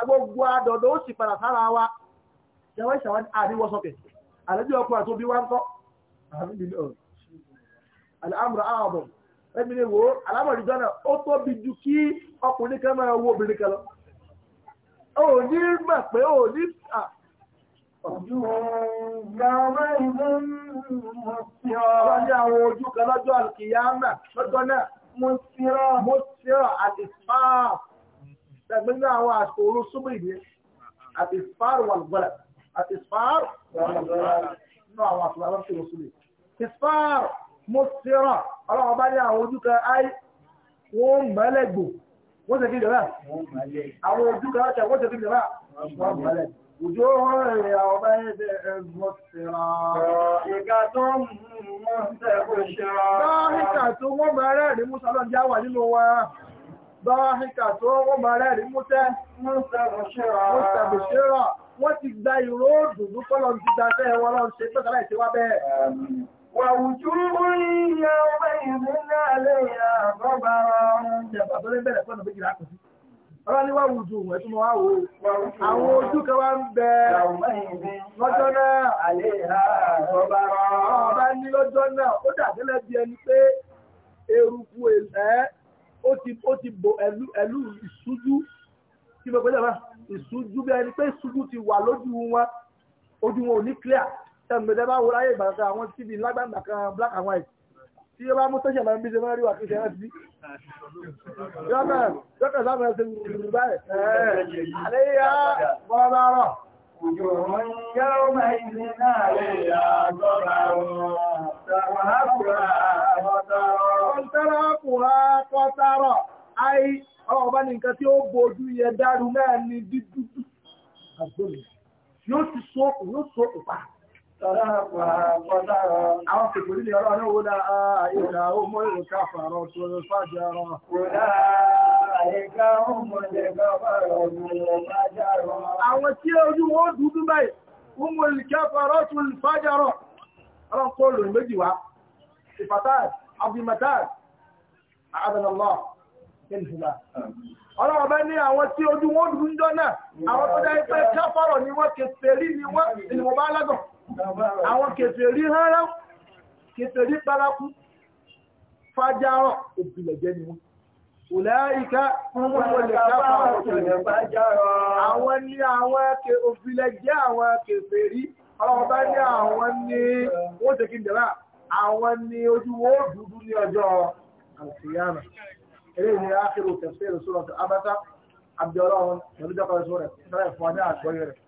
agbogbo àdọ̀dọ̀ ó sì padà sára wa ṣẹwọ́ ìṣàwọn àríwọ́sọ́kẹ̀ àlẹ́bí ọkùnrin àti obi wá ń kọ́ àmúra ààbọ̀ ẹbí ni wo alámọ̀rí jọ́nà ó tóbi ju kí ọkùnrin kan máa wo obìnrin kan lọ ó ní mọ̀ pé ó ní Ọjọ́ àwọn ojú kan lọ́jọ́ àlùkìyàmà lọ́jọ́ náà, mo síra àti fáàfù gbàgbé ní àwọn àsìkò oró súnmọ́ ìdí àti ìfàrò wà lùgbọ́lá àti ìfàrò wà lùgbọ́lá nínú àwọn àsìkò àwọn àsìkò súnmọ́ ìfàrò mo ti ràn ọlọ́wọ́ bá ní àwọn ojú kan áì wọ́n mọ́lẹ́gbò wọ́n tẹ̀kí ìjọba àwọn ojú kan áì wọ́n tẹ̀kí báhíkà tó wọ́n máa rẹ̀rí mútẹ́ mọ́sàbẹ̀ṣẹ́rà wọ́n ti gba ìró òdùnú kọ́lọ̀ ti gba fẹ́ wọ́n lọ́n ṣe tó tàbí ìṣẹ́wà bẹ́ẹ̀. Wàwùjú ìyá ọmọ ìlú náà lè yà bọ́bá ọ̀run. Ìjọba tó lé bẹ̀rẹ̀ fọ́nà méjìlá kò mọ́ wá Àwọn ojú kan wá ń bẹ lọ́jọ́ náà. Àlè ha ní lọ́jọ́ náà, ó dàgẹ́lẹ́ bí ẹni pé eruku ẹ̀ ti ó ti bo ẹlú ẹlú ìṣújú kí ló gbẹ́dẹ̀ bá ìṣújú bí ẹni pé ìṣújú ti wà lójú wọn ojú wọn ò ní clear tẹ̀mẹ̀dẹ̀ bá wọlé ayé ìgbàkan àwọn tv lágbàgbà kan black and white tí ó bá mú tẹ́sán máa ń bí ṣe máa rí wà kí ṣe rántí. yọkàn yọkàn sábà ṣe wùrù báyìí. àlẹ́ yà bọ́lá rọ̀. وجوه يومئذ عليها غبر ترهقها قتر أي ọba ní nǹkan tí ó bojú yẹ dárú náà ní dídú yóò ti sóòkù yóò sóòkù pàá Àwọn kèfèrí ní ọlọ́run ó dá ìlà ọmọ ìlú káfàrọ tó lọ fàjárọ. Àwọn tí ojú wọn dúdú báyìí, ọmọ ìlú káfàrọ tó lọ fàjárọ. Ọlọ́run kó lòrì méjì wá, ìfàtàì, àbìmọ̀tàì, àbìnàlọ́, ìfìlà. Ọlọ́run bá ní àwọn tí ojú wọn dúdú jọ náà, àwọn tó dá ipẹ́ káfàrọ ni wọ́n kèfèrí àwọn kèfèrí rárá kèfèrí paraku fájárọ̀ òbílẹ̀jẹ́ ni wọ́n Òláìká àwọn ní àwọn ẹkẹ òfilẹ̀ jẹ́ àwọn ẹkẹ fèrí, ọlọ́wọ́ bá ní àwọn ní wọ́n tẹ́kí ìjọba, àwọn ní ojú wo dúdú ní ọjọ́ àlùkìyàmà. Eré ni ákìrò tafsir suratu Abasa, Abdọ́lọ́run, pẹ̀lú jọ́kọ̀ọ́ sọ́rẹ̀, sọ́rẹ̀ fún ọjọ́ àgbọ́yẹ̀ rẹ̀.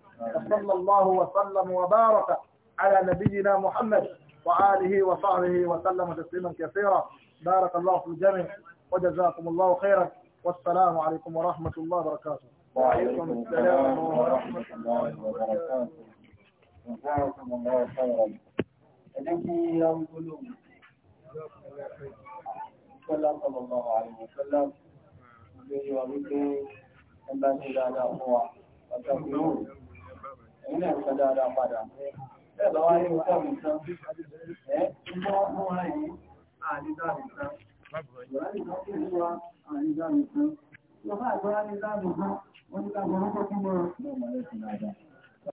Sallallahu wa sallam wa baraka. على نبينا محمد وآله وصحبه وسلم تسليما كثيرا بارك الله في الجميع وجزاكم الله خيرا والسلام عليكم ورحمة الله وبركاته وعليكم السلام ورحمة الله وبركاته جزاكم الله خيرا الذي يوم القلوب صلى الله عليه وسلم lórí wa wípé ẹ bá ṣe dáadáa fún wa ọjọ́ ìlú ẹ̀yin Ẹ̀lọ́wà ní ọjọ́ ìtàn, wọ́n kí ní wa àdídá ìtàn. Ìwọ́n